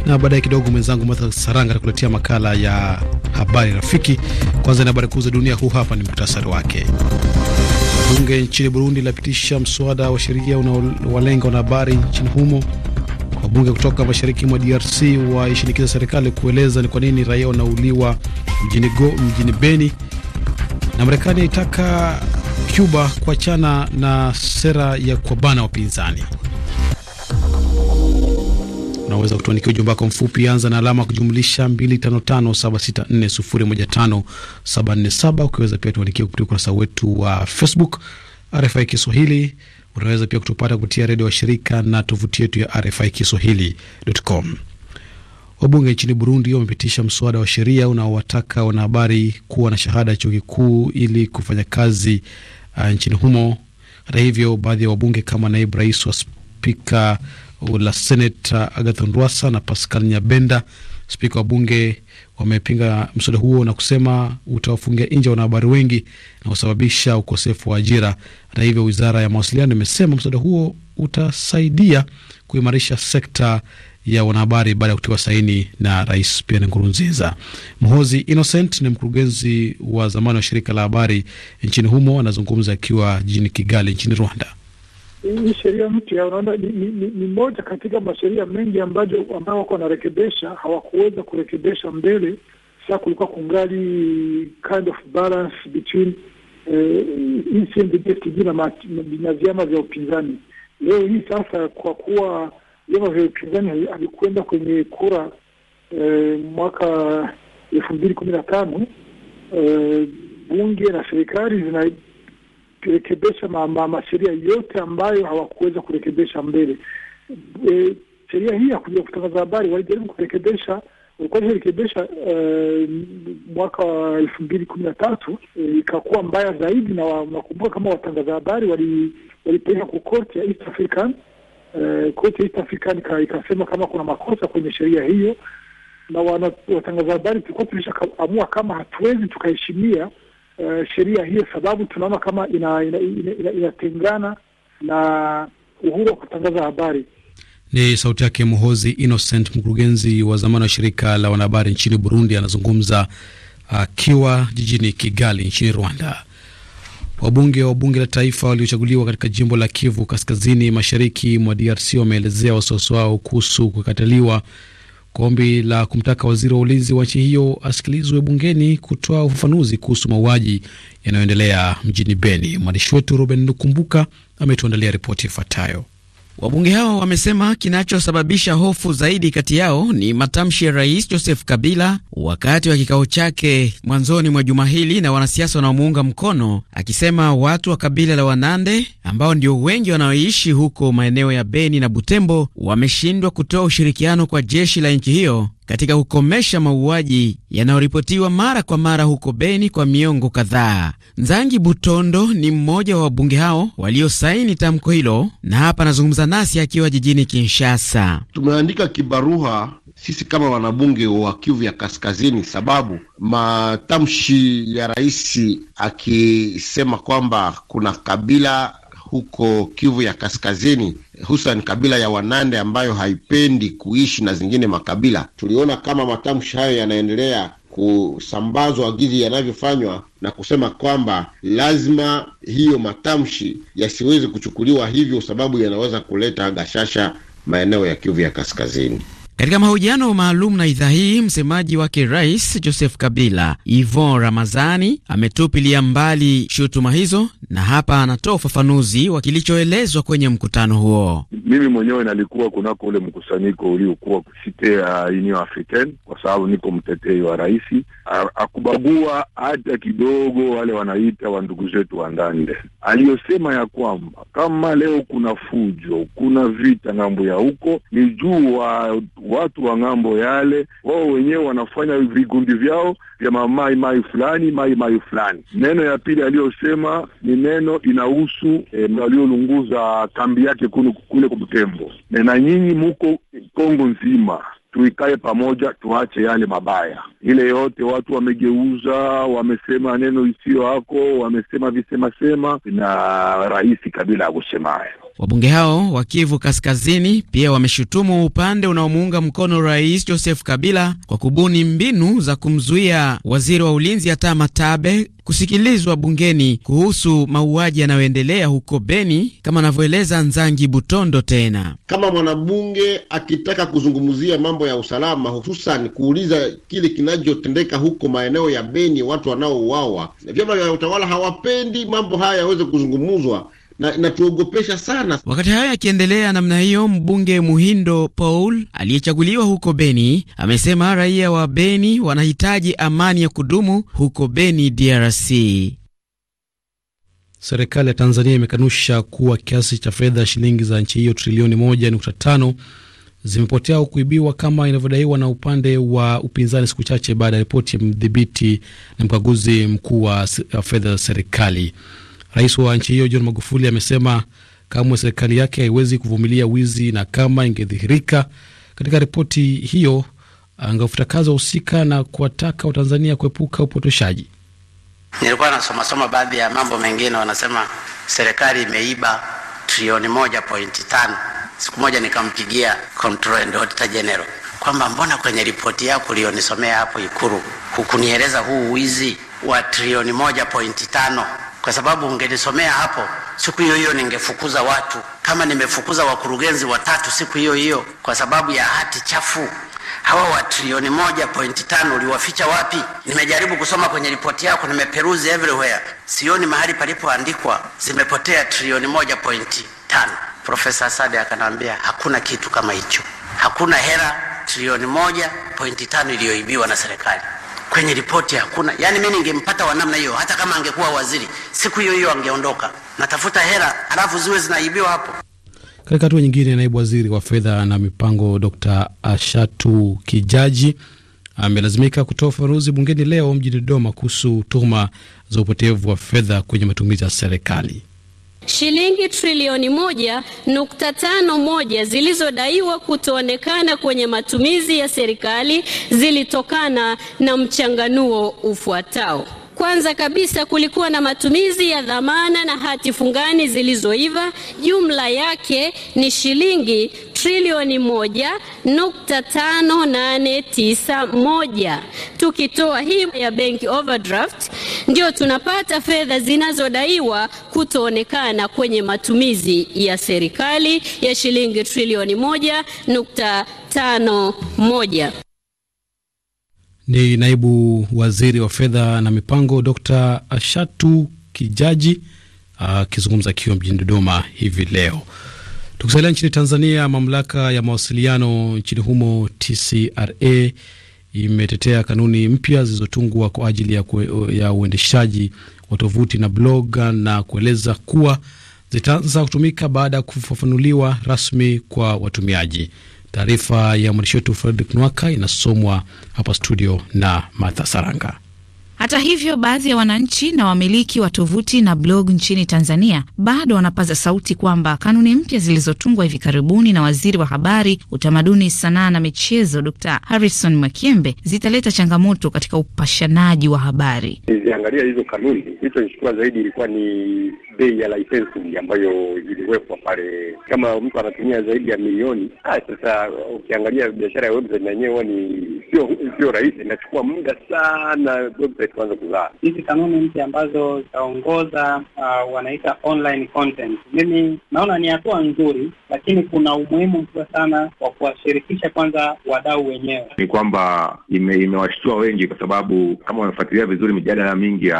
na baadaye kidogo mwenzangu Matha Saranga atakuletea makala ya habari rafiki. Kwanza ni habari kuu za dunia, huu hapa ni mktasari wake. Bunge nchini Burundi linapitisha mswada wa sheria unaowalenga wanahabari nchini humo. Wabunge kutoka mashariki mwa DRC waishinikiza serikali kueleza ni kwa nini raia wanauliwa mjini, mjini Beni. Na Marekani aitaka Cuba kuachana na sera ya kuwabana wapinzani. Unaweza kutuandikia ujumbe wako mfupi, anza na alama kujumlisha 255764015747. Ukiweza pia tuandikia kupitia ukurasa wetu wa Facebook RFI Kiswahili. Unaweza pia kutupata kupitia redio wa shirika na tovuti yetu ya RFI Kiswahili.com. Wabunge nchini Burundi wamepitisha mswada wa sheria unaowataka wanahabari kuwa na shahada ya chuo kikuu ili kufanya kazi uh, nchini humo. Hata hivyo, baadhi ya wabunge kama naibu rais wa spika la Senate uh, Agathon Rwasa na Pascal Nyabenda, spika wa bunge, wamepinga mswada huo na kusema utawafungia nje wanahabari wengi na kusababisha ukosefu wa ajira. Hata hivyo, wizara ya mawasiliano imesema mswada huo utasaidia kuimarisha sekta ya wanahabari baada ya kutiwa saini na Rais Pierre Nkurunziza. Mhozi Innocent ni mkurugenzi wa zamani wa shirika la habari nchini humo, anazungumza akiwa jijini Kigali nchini Rwanda. Hii sheria mpya unaona, ni, ni, ni, ni moja katika masheria mengi ambayo ambao wako wanarekebesha, hawakuweza kurekebesha mbele. Sasa kulikuwa kungali kind of balance between eh, na vyama vya upinzani. Leo hii sasa kwa kuwa vyama vya upinzani alikwenda kwenye kura eh, mwaka elfu mbili kumi na tano eh, bunge na serikali zinarekebesha masheria ma, ma yote ambayo hawakuweza kurekebesha mbele. Eh, sheria hii ya kuja kutangaza habari walijaribu kurekebesha walikuwa walirekebesha eh, mwaka wa elfu mbili kumi na tatu eh, ikakuwa mbaya zaidi, na nakumbuka kama watangaza habari walipeleka wali korti ya East African e, eh, kote East Africa ikasema kama kuna makosa kwenye sheria hiyo, na watangaza habari tulikuwa tulishaamua kama hatuwezi tukaheshimia uh, sheria hiyo, sababu tunaona kama inatengana ina, ina, ina na uhuru wa kutangaza habari. Ni sauti yake mhozi Innocent, mkurugenzi wa zamani wa shirika la wanahabari nchini Burundi, anazungumza akiwa jijini Kigali nchini Rwanda. Wabunge wa bunge la taifa waliochaguliwa katika jimbo la Kivu kaskazini mashariki mwa DRC wameelezea wasiwasi wao kuhusu kukataliwa kwa ombi la kumtaka waziri wa ulinzi wa nchi hiyo asikilizwe bungeni kutoa ufafanuzi kuhusu mauaji yanayoendelea mjini Beni. Mwandishi wetu Ruben Lukumbuka ametuandalia ripoti ifuatayo. Wabunge hao wamesema kinachosababisha hofu zaidi kati yao ni matamshi ya Rais Joseph Kabila wakati wa kikao chake mwanzoni mwa juma hili na wanasiasa wanaomuunga mkono, akisema watu wa kabila la Wanande ambao ndio wengi wanaoishi huko maeneo ya Beni na Butembo wameshindwa kutoa ushirikiano kwa jeshi la nchi hiyo katika kukomesha mauaji yanayoripotiwa mara kwa mara huko Beni kwa miongo kadhaa. Nzangi Butondo ni mmoja wa wabunge hao waliosaini tamko hilo, na hapa anazungumza nasi akiwa jijini Kinshasa. Tumeandika kibaruha sisi kama wanabunge wa Kivu ya Kaskazini, sababu matamshi ya rais akisema kwamba kuna kabila huko Kivu ya Kaskazini, hususan kabila ya Wanande ambayo haipendi kuishi na zingine makabila. Tuliona kama matamshi hayo yanaendelea kusambazwa gizi yanavyofanywa na kusema kwamba lazima hiyo matamshi yasiwezi kuchukuliwa hivyo, sababu yanaweza kuleta gashasha maeneo ya Kivu ya Kaskazini. Katika mahojiano maalum na idhaa hii, msemaji wake Rais Joseph Kabila Yvon Ramazani ametupilia mbali shutuma hizo, na hapa anatoa ufafanuzi wa kilichoelezwa kwenye mkutano huo. Mimi mwenyewe nalikuwa kunako ule mkusanyiko uliokuwa kusite ya uh, Union kwa sababu niko mtetei wa rais, akubagua hata kidogo wale wanaita wa ndugu zetu wa ndande, Aliyosema ya kwamba kama leo kuna fujo, kuna vita ng'ambo ya huko ni juu wa watu wa ng'ambo yale wao wenyewe wanafanya vigundi vyao vya mamai mai fulani mai mai fulani. Neno ya pili aliyosema ni neno inahusu e, waliolunguza kambi yake kule kwa Butembo, na nyinyi muko Kongo nzima tuikae pamoja, tuache yale mabaya. Ile yote watu wamegeuza, wamesema neno isiyo hako, wamesema visemasema na rahisi kabila ya kusema hayo Wabunge hao wa Kivu Kaskazini pia wameshutumu upande unaomuunga mkono Rais Joseph Kabila kwa kubuni mbinu za kumzuia waziri wa ulinzi Atama Matabe kusikilizwa bungeni kuhusu mauaji yanayoendelea huko Beni, kama anavyoeleza Nzangi Butondo. Tena kama mwanabunge akitaka kuzungumzia mambo ya usalama, hususan kuuliza kile kinachotendeka huko maeneo ya Beni, watu wanaouawa, vyama vya utawala hawapendi mambo haya yaweze kuzungumzwa na sana. Wakati hayo akiendelea namna hiyo, mbunge Muhindo Paul aliyechaguliwa huko Beni amesema raia wa Beni wanahitaji amani ya kudumu huko Beni, DRC. Serikali ya Tanzania imekanusha kuwa kiasi cha fedha shilingi za nchi hiyo trilioni 1.5 zimepotea au kuibiwa kama inavyodaiwa na upande wa upinzani, siku chache baada ya ripoti ya mdhibiti na mkaguzi mkuu wa fedha za serikali Rais wa nchi hiyo John Magufuli amesema kamwe serikali yake haiwezi kuvumilia wizi na kama ingedhihirika katika ripoti hiyo angefutakaza wahusika na kuwataka Watanzania kuepuka upotoshaji. Nilikuwa nasomasoma baadhi ya mambo mengine, wanasema serikali imeiba trilioni moja pointi tano. Siku moja nikampigia Comptroller and Auditor General kwamba mbona kwenye ripoti yako uliyonisomea hapo Ikuru hukunieleza huu wizi wa trilioni moja pointi tano kwa sababu ungenisomea hapo, siku hiyo hiyo ningefukuza watu, kama nimefukuza wakurugenzi watatu siku hiyo hiyo kwa sababu ya hati chafu. Hawa wa trilioni moja pointi tano uliwaficha wapi? Nimejaribu kusoma kwenye ripoti yako, nimeperuzi everywhere, sioni mahali palipoandikwa zimepotea trilioni moja pointi tano. Profesa Sade akanaambia hakuna kitu kama hicho, hakuna hera trilioni moja pointi tano iliyoibiwa na serikali kwenye ripoti hakuna. Yani mimi ningempata wa namna hiyo, hata kama angekuwa waziri, siku hiyo hiyo angeondoka. Natafuta hela halafu ziwe zinaibiwa hapo. Katika hatua nyingine, naibu waziri wa fedha na mipango Dr. Ashatu Kijaji amelazimika kutoa ufafanuzi bungeni leo mjini Dodoma kuhusu tuhuma za upotevu wa fedha kwenye matumizi ya serikali. Shilingi trilioni moja nukta tano moja zilizodaiwa kutoonekana kwenye matumizi ya serikali zilitokana na mchanganuo ufuatao. Kwanza kabisa kulikuwa na matumizi ya dhamana na hati fungani zilizoiva, jumla yake ni shilingi trilioni moja nukta tano nane tisa moja. Tukitoa hii ya bank overdraft, ndio tunapata fedha zinazodaiwa kutoonekana kwenye matumizi ya serikali ya shilingi trilioni moja nukta tano moja. Ni naibu waziri wa fedha na mipango Dr Ashatu Kijaji akizungumza akiwa mjini Dodoma hivi leo. Tukisalia nchini Tanzania, mamlaka ya mawasiliano nchini humo TCRA imetetea kanuni mpya zilizotungwa kwa ajili ya, kwe, ya uendeshaji wa tovuti na blog na kueleza kuwa zitaanza kutumika baada ya kufafanuliwa rasmi kwa watumiaji. Taarifa ya mwandishi wetu Fredrick Nwaka inasomwa hapa studio na Martha Saranga. Hata hivyo, baadhi ya wananchi na wamiliki wa tovuti na blog nchini Tanzania bado wanapaza sauti kwamba kanuni mpya zilizotungwa hivi karibuni na waziri wa habari, utamaduni, sanaa na michezo Dr. Harrison Mwakyembe zitaleta changamoto katika upashanaji wa habari. Angalia hizo kanuni, kilichonishtua zaidi ilikuwa ni bei ya ambayo iliwekwa pale, kama mtu anatumia zaidi ya milioni. Ah, sasa ukiangalia biashara ya website na yenyewe ni sio sio rahisi, inachukua muda sana website kuanza kuzaa. Hizi kanuni mpya ambazo zitaongoza uh, wanaita online content, mimi naona ni hatua nzuri, lakini kuna umuhimu mkubwa sana wa kuwashirikisha kwanza wadau wenyewe. Ni kwamba imewashtua ime wengi, kwa sababu kama wamefuatilia vizuri mijadala mingi ya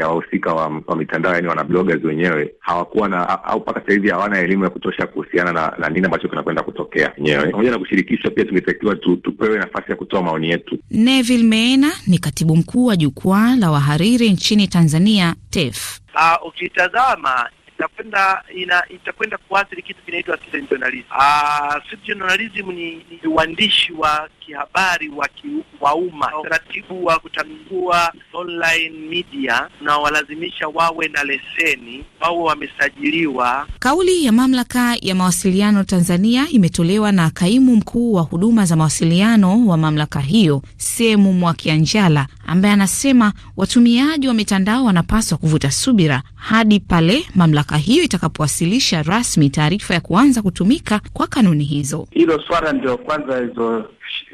wahusika ya, ya wa, wa mitandao, yani wanabloggers wenyewe hawakuwa na au mpaka sasa hivi hawana elimu ya kutosha kuhusiana na, na nini ambacho kinakwenda kutokea wenyewe. Pamoja na kushirikishwa, pia tungetakiwa tu, tupewe nafasi ya kutoa maoni yetu. Neville Meena ni katibu mkuu wa jukwaa la wahariri nchini Tanzania TEF. Uh, ah, ukitazama itakwenda ina itakwenda kuathiri kitu kinaitwa citizen journalism. Uh, ah, citizen journalism ni, ni uandishi wa kihabari wa, ki, wa umma, utaratibu wa kutangua online media na walazimisha wawe na leseni, wawe wamesajiliwa. Kauli ya mamlaka ya mawasiliano Tanzania imetolewa na kaimu mkuu wa huduma za mawasiliano wa mamlaka hiyo Semu Mwakianjala, ambaye anasema watumiaji wa mitandao wanapaswa kuvuta subira hadi pale mamlaka hiyo itakapowasilisha rasmi taarifa ya kuanza kutumika kwa kanuni hizo. Hilo swala ndio kwanza hizo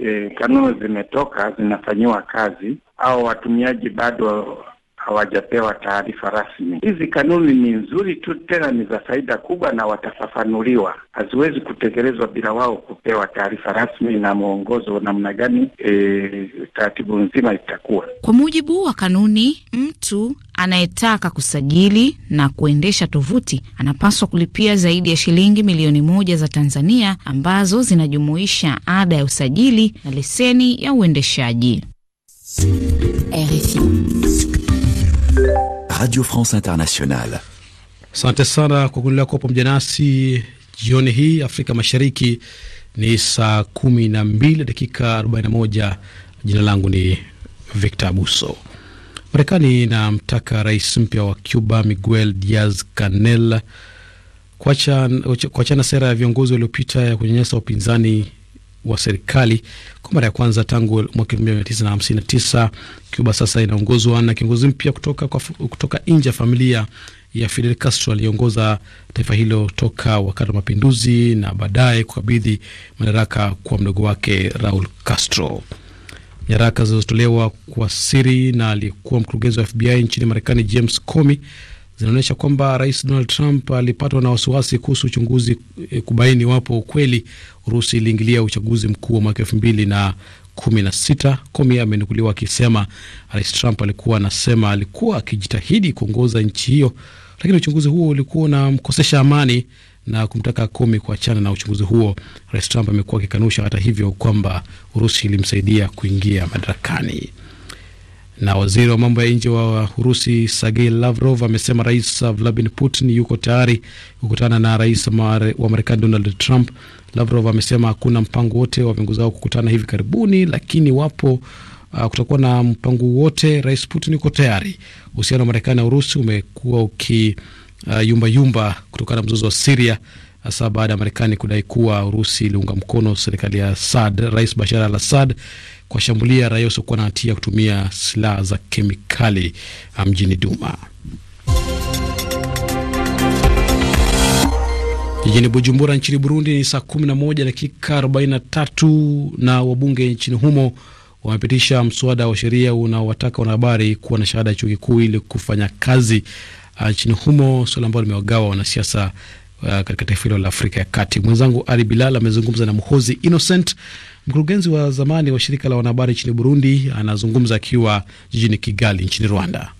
eh, kanuni zimetoka zinafanyiwa kazi au watumiaji bado hawajapewa taarifa rasmi. Hizi kanuni ni nzuri tu, tena ni za faida kubwa, na watafafanuliwa. Haziwezi kutekelezwa bila wao kupewa taarifa rasmi na mwongozo namna gani e, taratibu nzima itakuwa. Kwa mujibu wa kanuni, mtu anayetaka kusajili na kuendesha tovuti anapaswa kulipia zaidi ya shilingi milioni moja za Tanzania ambazo zinajumuisha ada ya usajili na leseni ya uendeshaji. RFI. Radio France Internationale. Asante sana kwa kuendelea kuwa pamoja nasi jioni hii. Afrika Mashariki ni saa kumi na mbili dakika arobaini na moja. Jina langu ni Victor Abuso. Marekani inamtaka rais mpya wa Cuba Miguel Diaz Canel kuachana sera ya viongozi waliopita ya kunyanyasa upinzani wa serikali kwa mara ya kwanza tangu mwaka 1959. Cuba sasa inaongozwa na kiongozi mpya kutoka, kutoka nje ya familia ya Fidel Castro aliyeongoza taifa hilo toka wakati wa mapinduzi na baadaye kukabidhi madaraka kwa mdogo wake Raul Castro. Nyaraka zilizotolewa kwa siri na aliyekuwa mkurugenzi wa FBI nchini Marekani James Comey zinaonyesha kwamba Rais Donald Trump alipatwa na wasiwasi kuhusu uchunguzi e, kubaini iwapo ukweli Urusi iliingilia uchaguzi mkuu wa mwaka elfu mbili na kumi na sita. Komi amenukuliwa akisema Rais Trump alikuwa anasema alikuwa akijitahidi kuongoza nchi hiyo, lakini uchunguzi huo ulikuwa unamkosesha amani na kumtaka Komi kuachana na uchunguzi huo. Rais Trump amekuwa akikanusha hata hivyo kwamba Urusi ilimsaidia kuingia madarakani. Na waziri wa mambo ya nje wa Urusi Sergei Lavrov amesema Rais Vladimir Putin yuko tayari kukutana na rais wa Marekani Donald Trump Lavrov amesema hakuna mpango wote wa viongozi hao kukutana hivi karibuni, lakini wapo uh, kutakuwa na mpango wote. Rais Putin yuko tayari. Uhusiano wa Marekani na Urusi umekuwa ukiyumbayumba uh, kutokana na mzozo wa Siria, hasa baada ya Marekani kudai kuwa Urusi iliunga mkono serikali ya Sad, Rais Bashar al Assad kuwashambulia raia wasiokuwa na hatia kutumia silaha za kemikali uh, mjini Duma. Jijini Bujumbura nchini Burundi ni saa 11 dakika 43, na wabunge nchini humo wamepitisha mswada wa sheria unaowataka wanahabari kuwa na shahada ya chuo kikuu ili kufanya kazi ah, nchini humo, suala ambalo limewagawa wanasiasa uh, katika taifa hilo la Afrika ya Kati. Mwenzangu Ali Bilal amezungumza na Mhozi Innocent, mkurugenzi wa zamani wa shirika la wanahabari nchini Burundi. Anazungumza akiwa jijini Kigali nchini Rwanda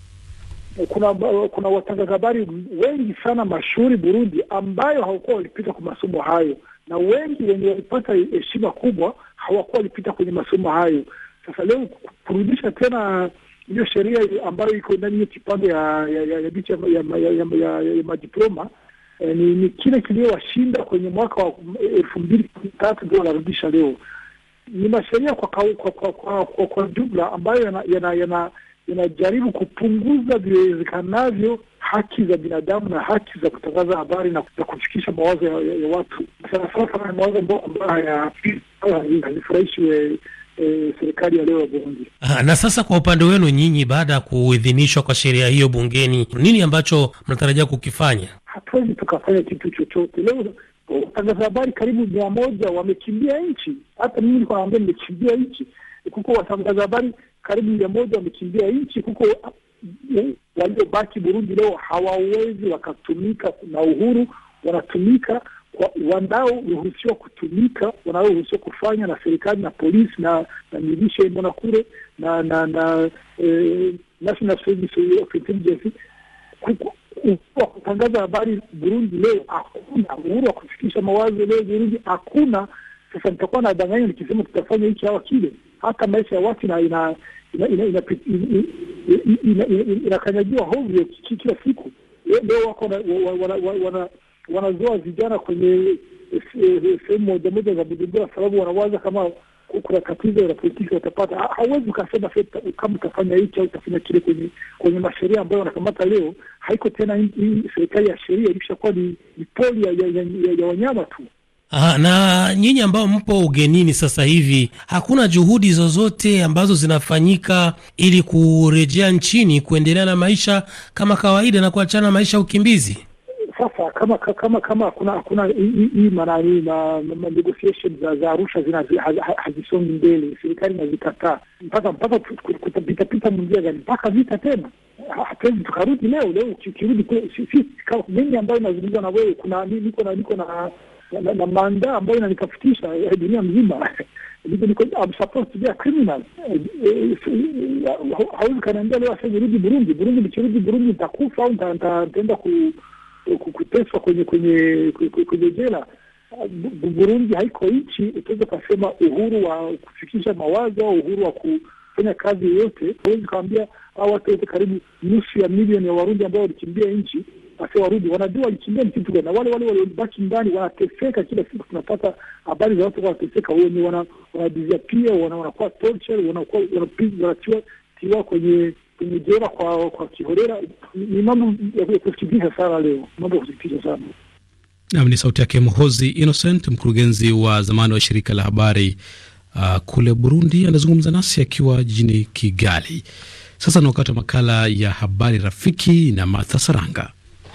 kuna kuna watangaza habari wengi sana mashuhuri Burundi ambayo hawakuwa walipita kwa masomo hayo, na wengi wenye walipata heshima kubwa hawakuwa walipita kwenye masomo hayo. Sasa leo kurudisha tena hiyo sheria ambayo iko ndani hiyo kipande ya ya madiploma ni kile kiliyowashinda kwenye mwaka wa elfu mbili kumi na tatu ndio wanarudisha leo. Ni masheria kwa kwa jumla ambayo yana inajaribu kupunguza viwezekanavyo haki za binadamu na haki za kutangaza habari na kufikisha mawazo ya, ya, ya watu sana sana kama mawazo ambayo hayafurahishi e, serikali ya leo ya Burundi. na sasa kwa upande wenu nyinyi, baada ya kuidhinishwa kwa sheria hiyo bungeni, nini ambacho mnatarajia kukifanya? Hatuwezi tukafanya kitu chochote leo. Watangaza habari karibu mia moja wamekimbia nchi, hata mimi nilikuwa naambia nimekimbia nchi kuko watangaza habari karibu mia moja wamekimbia nchi, kuko uh, waliobaki Burundi leo hawawezi wakatumika na uhuru, wanatumika wanaoruhusiwa kutumika wanaoruhusiwa kufanya na serikali na polisi na na milisha mbona kule na na na eh, National Service of Intelligence wa kutangaza habari Burundi leo hakuna uhuru wa kufikisha mawazo leo Burundi hakuna. Sasa nitakuwa nadanganya nikisema tutafanya hichi hawa kile hata maisha ya watu inakanyagiwa ina, ina, ina, ina hovyo kila siku. Leo wako wanazoa vijana kwenye sehemu moja moja za Bujumbura sababu wanawaza kama kuna tatizo la politiki watapata. Hauwezi ukasema kama utafanya hichi au utafanya kile kwenye kwenye masheria ambayo wanakamata leo. Haiko tena serikali ya sheria, ilishakuwa ni poli ya wanyama tu. Aha, na nyinyi ambao mpo ugenini sasa hivi, hakuna juhudi zozote ambazo zinafanyika ili kurejea nchini kuendelea na maisha kama kawaida na kuachana maisha ya ukimbizi? Sasa kama kama kama kuna kuna hii mara hii na negotiations za za Arusha zina hazisongi mbele, serikali inazikataa mpaka mpaka kupita pita njia gani mpaka vita tena hatuwezi tukarudi leo leo, ukirudi kule, mimi ambayo inazungumza na wewe, kuna niko na niko na na, na ambayo inanikafutisha dunia mzima eh, eh, hauzi kaniambia leo asa nirudi Burundi. Burundi nikirudi Burundi nitakufa au nitaenda kuteswa kwenye kwenye jela. Burundi haiko nchi utaweza ukasema uhuru wa kufikisha mawazo au uhuru wa kufanya kazi yoyote. Hawezi ukawambia hao ah, watu karibu nusu ya milioni ya Warundi ambao walikimbia nchi wase warudi, wanajua ichimbie msitu gani, na wale wale waliobaki ndani wanateseka. Kila siku tunapata habari za watu wanateseka, wenye wanadizia pia wanakuwa torture, wanatiwa tiwa kwenye kwenye jela kwa kwa kiholela. Ni mambo ya kusikitisha sana leo, mambo ya kusikitisha sana. Nam ni sauti yake Muhozi Innocent, mkurugenzi wa zamani wa shirika la habari uh, kule Burundi, anazungumza nasi akiwa jijini Kigali. Sasa ni wakati wa makala ya habari rafiki na Martha Saranga.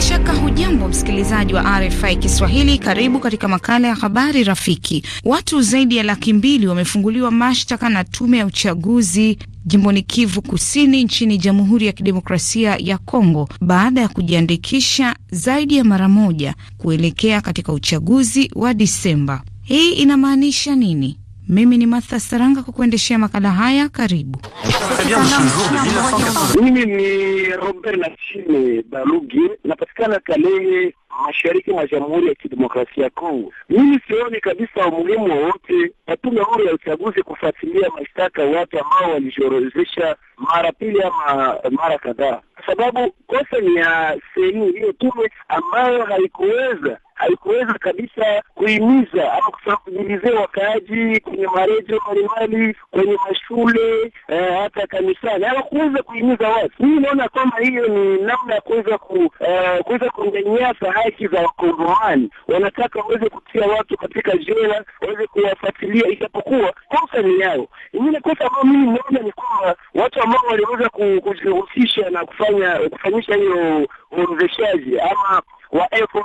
Bila shaka hujambo msikilizaji wa RFI Kiswahili, karibu katika makala ya habari rafiki. Watu zaidi ya laki mbili wamefunguliwa mashtaka na tume ya uchaguzi jimboni Kivu Kusini nchini Jamhuri ya Kidemokrasia ya Kongo baada ya kujiandikisha zaidi ya mara moja kuelekea katika uchaguzi wa Disemba. Hii inamaanisha nini? Mimi ni Martha Saranga kwa kuendeshea makala haya, karibu. Mimi ni Robert nachine Baluge, napatikana Kalehe, mashariki mwa Jamhuri ya Kidemokrasia ya Kongo. Mimi sioni kabisa umuhimu wowote wa tume huru ya uchaguzi kufuatilia mashtaka watu ambao walijiorodhesha mara pili ama mara kadhaa, kwa sababu kosa ni ya sehemu hiyo tume ambayo haikuweza haikuweza kabisa kuhimiza ama kusema wakaaji kwenye marejo mbalimbali, kwenye mashule eh, hata kanisani, hawakuweza kuhimiza watu. Mimi naona kwamba hiyo ni namna ya kuweza ku, eh, kuweza kunyanyasa haki za Wakongomani. Wanataka waweze kutia watu katika jela, waweze kuwafuatilia, ijapokuwa kosa ni yao. Ingine kosa ambayo mimi naona ni kwamba watu ambao waliweza kujihusisha na kufanya kufanyisha hiyo uorodheshaji ama wa elfu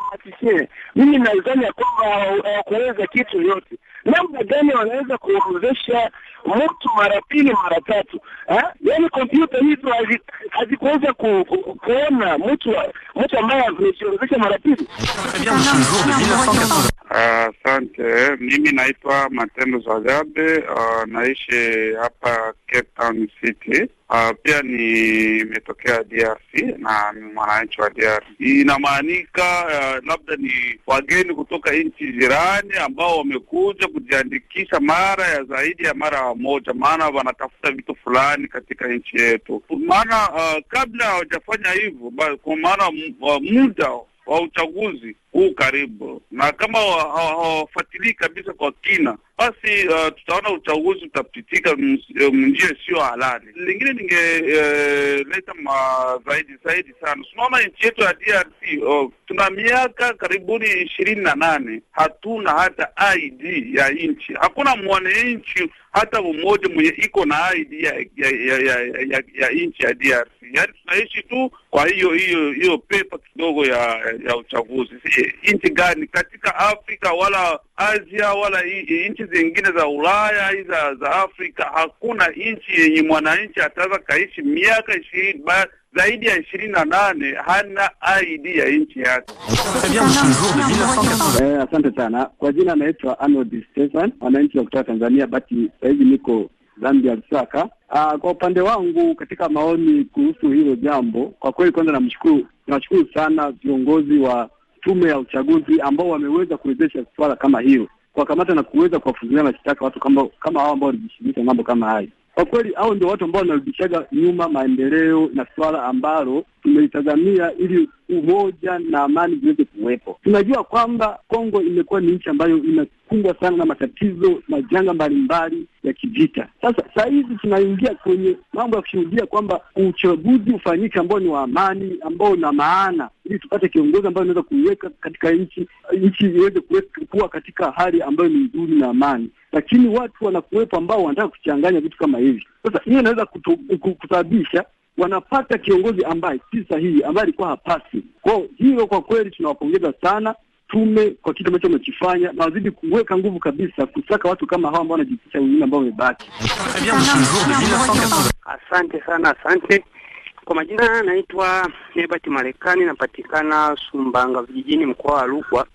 Mimi nadhani ya kwamba hawakuweza kitu yote. Namna gani wanaweza kuorozesha mtu mara pili mara tatu? Yaani kompyuta hizo hazikuweza kuona mtu mtu ambaye amejiorodhesha mara pili. Asante. Mimi naitwa Matendo Zagabe, uh, naishi hapa Cape Town City. Uh, pia nimetokea DRC na ni mwananchi wa DRC. Inamaanika uh, eh, labda ni wageni kutoka nchi jirani ambao wamekuja kujiandikisha mara ya zaidi ya mara moja, maana wanatafuta vitu fulani katika nchi yetu, maana uh, kabla hawajafanya hivyo, kwa maana muda wa uchaguzi huu karibu, na kama hawafuatilii kabisa kwa kina, basi uh, tutaona uchaguzi utapitika njia eh, isiyo halali. Lingine ningeleta eh, uh, zaidi zaidi sana, tunaona nchi yetu ya DRC uh, oh, tuna miaka karibuni ishirini na nane hatuna hata ID ya nchi, hakuna mwananchi hata mmoja mwenye iko na ID ya, ya, ya, ya, ya, ya nchi ya DRC. Yani tunaishi tu kwa hiyo hiyo hiyo pepa kidogo ya, ya uchaguzi si nchi gani katika Afrika wala Asia wala nchi zingine za Ulaya za, za Afrika, hakuna nchi yenye mwananchi ataweza kaishi miaka ishirini zaidi ya ishirini na nane hana ID ya nchi yake. Eh, asante sana kwa jina, anaitwa Arnold Stefan, mwananchi wa kutoka Tanzania, bati sahizi niko Zambia, Lusaka. Aa, ah, kwa upande wangu katika maoni kuhusu hilo jambo, kwa kweli kwanza namshukuru, nawashukuru sana viongozi wa tume ya uchaguzi ambao wameweza kuwezesha swala kama hilo, kuwakamata na kuweza kuwafungulia mashtaka watu kama kama hao ambao walijishughulisha mambo kama hayo. Kwa kweli hao ndio watu ambao wanarudishaga nyuma maendeleo na swala ambalo tumeitazamia ili umoja na amani ziweze kuwepo. Tunajua kwamba Kongo imekuwa ni nchi ambayo inakumbwa sana na matatizo, majanga mbalimbali ya kivita. Sasa saa hizi tunaingia kwenye mambo ya kushuhudia kwamba uchaguzi ufanyike ambao ni wa amani, ambao una maana, ili tupate kiongozi ambayo inaweza kuiweka katika nchi, nchi iweze kuwa katika hali ambayo ni nzuri na amani, lakini watu wanakuwepo ambao wanataka kuchanganya vitu kama hivi. Sasa hiyo inaweza kusababisha wanapata kiongozi ambaye si sahihi, ambaye alikuwa hapasi kwao. Hilo kwa kweli tunawapongeza sana tume kwa kitu ambacho wamekifanya, na wazidi kuweka nguvu kabisa kusaka watu kama hawa ambao wanajihusisha wengine ambao wamebaki. Asante sana, asante kwa majina. Naitwa Nebati Marekani, napatikana Sumbanga vijijini, mkoa wa Rukwa.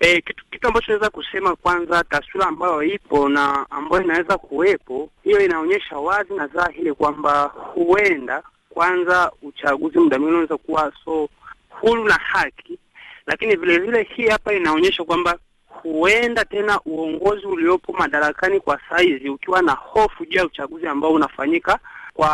E, kitu, kitu ambacho naweza kusema kwanza, taswira ambayo ipo na ambayo inaweza kuwepo, hiyo inaonyesha wazi na dhahiri kwamba huenda kwanza uchaguzi muda mwingine unaweza kuwa so huru na haki, lakini vile vile hii hapa inaonyesha kwamba huenda tena uongozi uliopo madarakani kwa saizi ukiwa na hofu juu ya uchaguzi ambao unafanyika kwa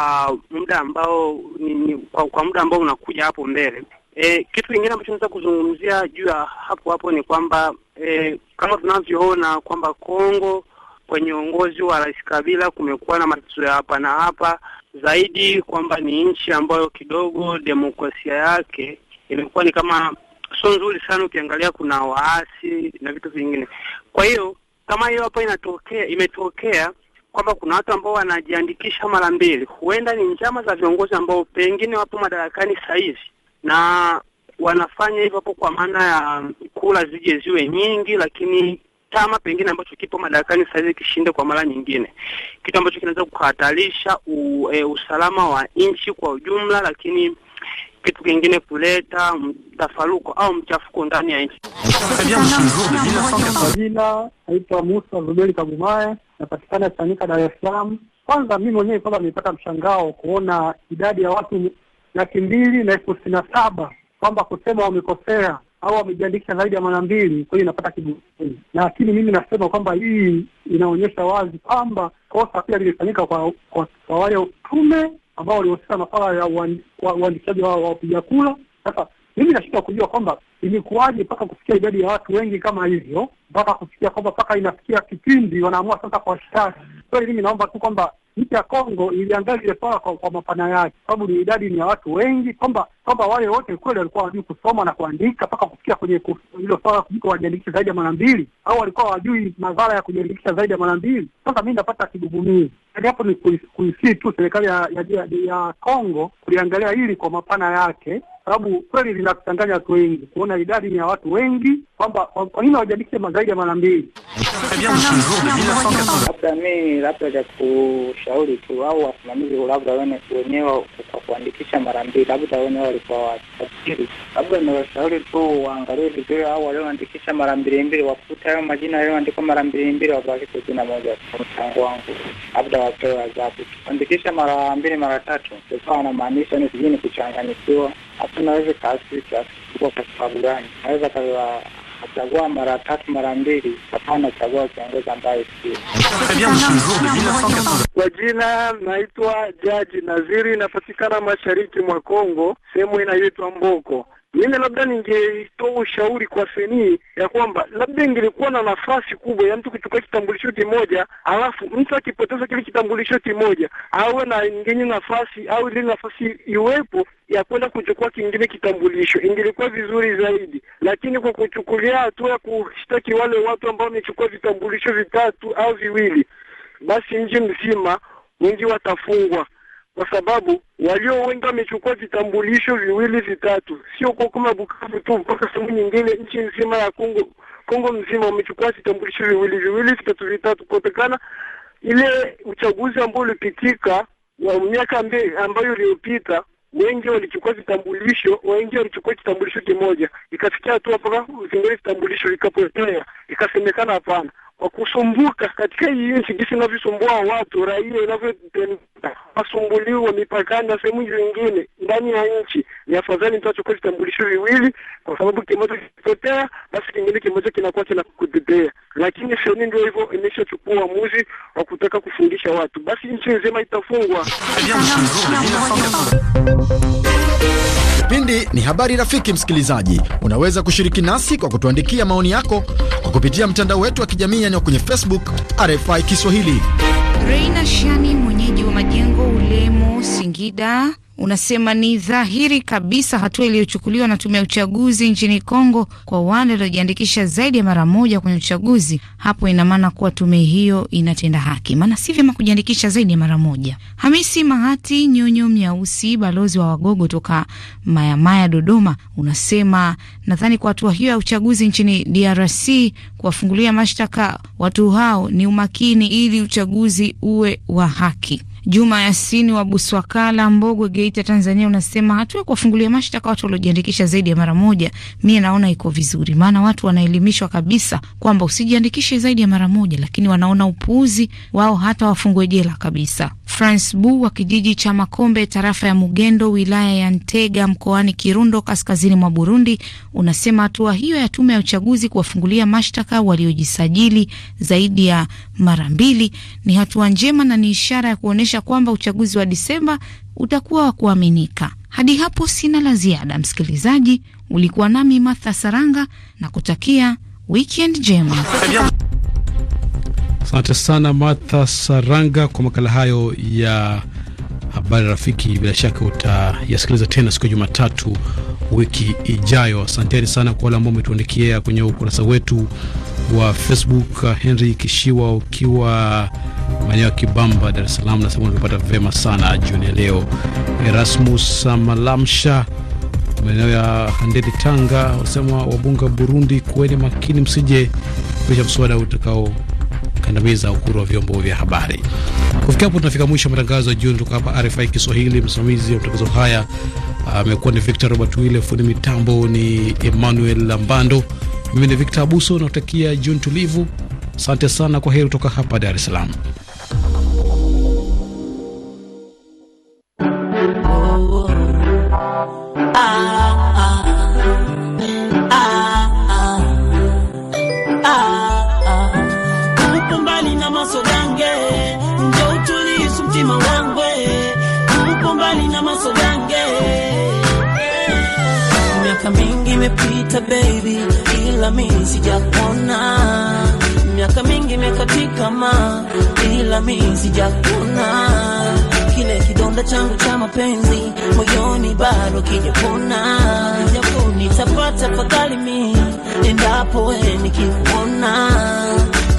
muda ambao ni, ni, kwa, kwa muda ambao unakuja hapo mbele E, kitu kingine ambacho naweza kuzungumzia juu ya hapo hapo ni kwamba e, kama tunavyoona kwamba Kongo kwenye uongozi wa Rais Kabila kumekuwa na matatizo ya hapa na hapa, zaidi kwamba ni nchi ambayo kidogo demokrasia yake imekuwa ni kama sio nzuri sana, ukiangalia kuna waasi na vitu vingine. Kwa hiyo kama hiyo hapa inatokea, imetokea kwamba kuna watu ambao wanajiandikisha mara mbili, huenda ni njama za viongozi ambao pengine wapo madarakani saizi na wanafanya hivyo kwa maana ya kula zije ziwe nyingi, lakini chama pengine ambacho kipo madarakani sasa hivi kishinde kwa mara nyingine, kitu ambacho kinaweza kuhatarisha e, usalama wa nchi kwa ujumla, lakini kitu kingine kuleta mtafaruko au mchafuko ndani ya nchi. Kwa jina naitwa Musa Zuberi Kagumaye, napatikana Chanika, Dar es Salaam. Kwanza mimi mwenyewe kwamba nimepata mshangao kuona idadi ya watu laki mbili na elfu sitini na saba kwamba kusema wamekosea au wamejiandikisha zaidi ya mara mbili, kwa hiyo inapata kiburi. Lakini mimi nasema kwamba hii inaonyesha wazi kwamba kosa pia lilifanyika kwa kwa, kwa wale tume ambao walihusika na ya uandikishaji wa wapiga kura. Sasa mimi nashindwa kujua kwamba Ilikuwaje mpaka kufikia idadi ya watu wengi kama hivyo, mpaka kufikia kwamba mpaka inafikia kipindi wanaamua sasa kwa shari kweli. Mimi naomba tu kwamba nchi ya Kongo iliangalia swala kwa, kwa mapana yake, sababu ni idadi ni ya watu wengi, kwamba kwamba wale wote kweli walikuwa wajui kusoma na kuandika mpaka kufikia kwenye hilo swala kuliko wajiandikisha zaidi ya mara mbili, au walikuwa wajui madhara ya kujiandikisha zaidi ya mara mbili. Sasa mi napata kigugumizi hadi yaani hapo, ni kuisii tu serikali ya, ya, ya, ya Kongo kuliangalia hili kwa mapana yake sababu kweli linatutanganya watu wengi kuona idadi ni ya watu wengi, kwamba kwa nini hawajabikisema zaidi ya mara mbili. Labda mi labda cha kushauri tu, au wasimamizi labda wenyewe kwa kuandikisha mara mbili, labda wenyewe walikuwa wasafiri, labda nawashauri tu waangalie vizuri, au walioandikisha mara mbili mbili wakuta hayo majina yaliyoandikwa mara mbili mbili, wabaki jina moja. Kwa mchango wangu, labda wapewe adhabu. Kuandikisha mara mbili mara tatu, ilikuwa anamaanisha ni sijui ni kuchanganyikiwa hatuna hizi kasi kwa sababu gani. Naweza akachagua mara tatu mara mbili, hapana, nachagua kiongozi ambaye sio. Kwa jina naitwa Jaji Naziri, inapatikana mashariki mwa Kongo, sehemu inayoitwa Mboko. Mimi labda ningetoa ushauri kwa senii ya kwamba labda ingelikuwa na nafasi kubwa ya mtu kuchukua kitambulisho kimoja, alafu mtu akipoteza kile kitambulisho kimoja awe na ingine nafasi au ile nafasi iwepo ya kwenda kuchukua kingine kitambulisho, ingelikuwa vizuri zaidi. Lakini kwa kuchukulia hatua ya kushtaki wale watu ambao wamechukua vitambulisho vitatu au viwili, basi nchi mzima wengi watafungwa kwa sababu walio wengi wamechukua vitambulisho viwili vitatu, sio kwa kama Bukavu tu, mpaka sehemu nyingine nchi nzima ya Kongo, Kongo mzima wamechukua vitambulisho viwili viwili vitatu vitatu, kutokana ile uchaguzi ambao ulipitika wa miaka ambayo iliyopita wengi walichukua vitambulisho, wengi walichukua kitambulisho kimoja, ikafikia hatua mpaka zingine vitambulisho vikapotea, ikasemekana hapana, kwa kusumbuka katika hii nchi, jinsi inavyosumbua watu raia, inavyotendeka wasumbuliwa mipakani na sehemu zingine ndani ya nchi, ni afadhali mtu achukue vitambulisho viwili, kwa sababu kimoja kikipotea, basi kingine kimoja kinakuwa kinakutetea. Lakini sioni ndio hivyo, imeshachukua uamuzi wa kutaka kufundisha watu, basi nchi nzima itafungwa. Kipindi ni habari. Rafiki msikilizaji, unaweza kushiriki nasi kwa kutuandikia maoni yako kwa kupitia mtandao wetu wa kijamii neno kwenye Facebook RFI Kiswahili. Reina Shani, mwenyeji wa majengo Ulemo, Singida unasema ni dhahiri kabisa hatua iliyochukuliwa na tume ya uchaguzi nchini Kongo kwa wale waliojiandikisha zaidi ya mara moja kwenye uchaguzi. Hapo ina maana kuwa tume hiyo inatenda haki, maana si vyema kujiandikisha zaidi ya mara moja. Hamisi Mahati Nyonyo Myausi, balozi wa Wagogo toka Mayamaya, Dodoma, unasema nadhani kwa hatua hiyo ya uchaguzi nchini DRC kuwafungulia mashtaka watu hao ni umakini ili uchaguzi uwe wa haki. Juma Yasini wa Buswakala, Mbogwe Geita, Tanzania, unasema hatua ya kuwafungulia mashtaka watu waliojiandikisha zaidi ya mara moja, mie naona iko vizuri, maana watu wanaelimishwa kabisa kwamba usijiandikishe zaidi ya mara moja, lakini wanaona upuuzi wao, hata wafungwe jela kabisa. France Bu wa kijiji cha Makombe, tarafa ya Mugendo, wilaya ya Ntega, mkoani Kirundo, kaskazini mwa Burundi, unasema hatua hiyo ya tume ya uchaguzi kuwafungulia mashtaka waliojisajili zaidi ya mara mbili ni hatua njema na ni ishara ya kuonyesha kwamba uchaguzi wa Disemba utakuwa wa kuaminika. Hadi hapo sina la ziada, msikilizaji. Ulikuwa nami Martha Saranga na kutakia wkend njema. Asante sana Martha Saranga kwa makala hayo ya habari rafiki. Bila shaka utayasikiliza tena siku ya Jumatatu wiki ijayo. Asanteni sana kwa wale ambao umetuandikia kwenye ukurasa wetu wa Facebook uh, Henry Kishiwa ukiwa maeneo ya Kibamba, Dar es Salaam, nasema umepata vema sana jioni ya leo. Erasmus Malamsha maeneo ya Handeni, Tanga, wasema wabunge wa Burundi, kuweni makini, msije kupisha mswada utakaokandamiza uhuru wa vyombo vya habari. Kufikia hapo, tunafika mwisho wa matangazo ya jioni kutoka hapa RFI Kiswahili. Msimamizi wa matangazo haya uh, amekuwa uh, ni Victor Robert Wile, fundi mitambo ni Emmanuel Lambando. Mimi ni Victor Abuso, nakutakia jioni tulivu. Asante sana, kwa heri kutoka hapa Dar es Salaam ila mimi sijakona, miaka mingi imekatika ma, ila mimi sijakona, kile kidonda changu cha mapenzi moyoni bado kijapona, japo nitapata fadhali mi endapo we nikikuona,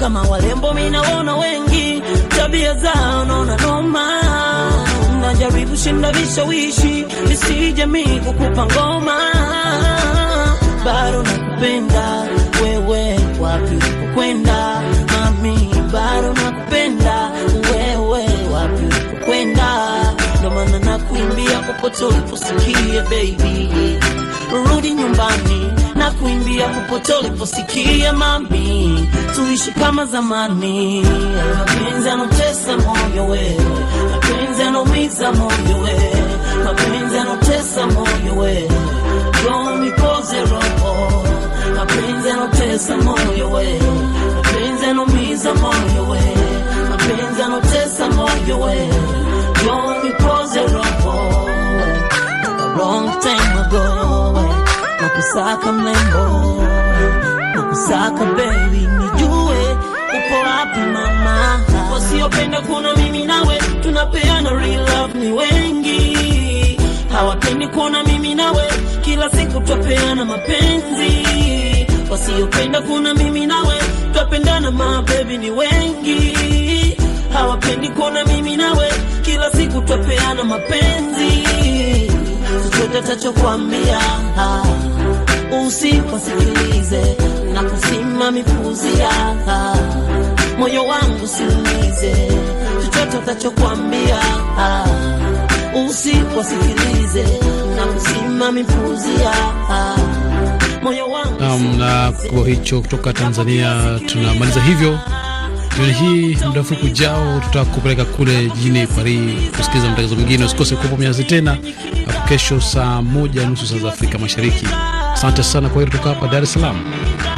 kama walembo mimi naona wengi tabia zao naona noma najaribu shinda vishawishi nisije mimi kukupa ngoma kupotuliposikia baby, rudi nyumbani na kuimbia kupotuliposikia mami, tuishi kama zamani. Mapenzi yanotesa moyo wewe, mapenzi anaumiza moyo wewe, mapenzi yanotesa moyo wewe, njoo nipoze roho. Mapenzi yanotesa moyo wewe, mapenzi anaumiza moyo wewe, mapenzi yanotesa moyo wewe, njoo nipoze roho long time ago nakusaka mrembo, nakusaka baby, nijue upo wapi mama. Wasiopenda kuona mimi nawe tunapeana real love ni wengi, hawapendi kuona mimi nawe kila siku twapeana mapenzi. Wasiopenda kuona mimi nawe twapendana, ma baby ni wengi, hawapendi kuona mimi nawe kila siku twapeana mapenzi chochote tachokwambia usiposikilize na kusima mipuzia moyo wangu siumize, chochote tachokwambia usiposikilize na kusima mipuzia moyo wangu. Namna kibao hicho kutoka Tanzania tunamaliza hivyo Jioni hii muda mfupi ujao, tutakupeleka kule jijini Paris kusikiliza matangazo mengine. Usikose kuwa miazi tena hapo kesho saa moja nusu saa za Afrika Mashariki. Asante sana kwa hiyo, kutoka hapa Dar es Salaam.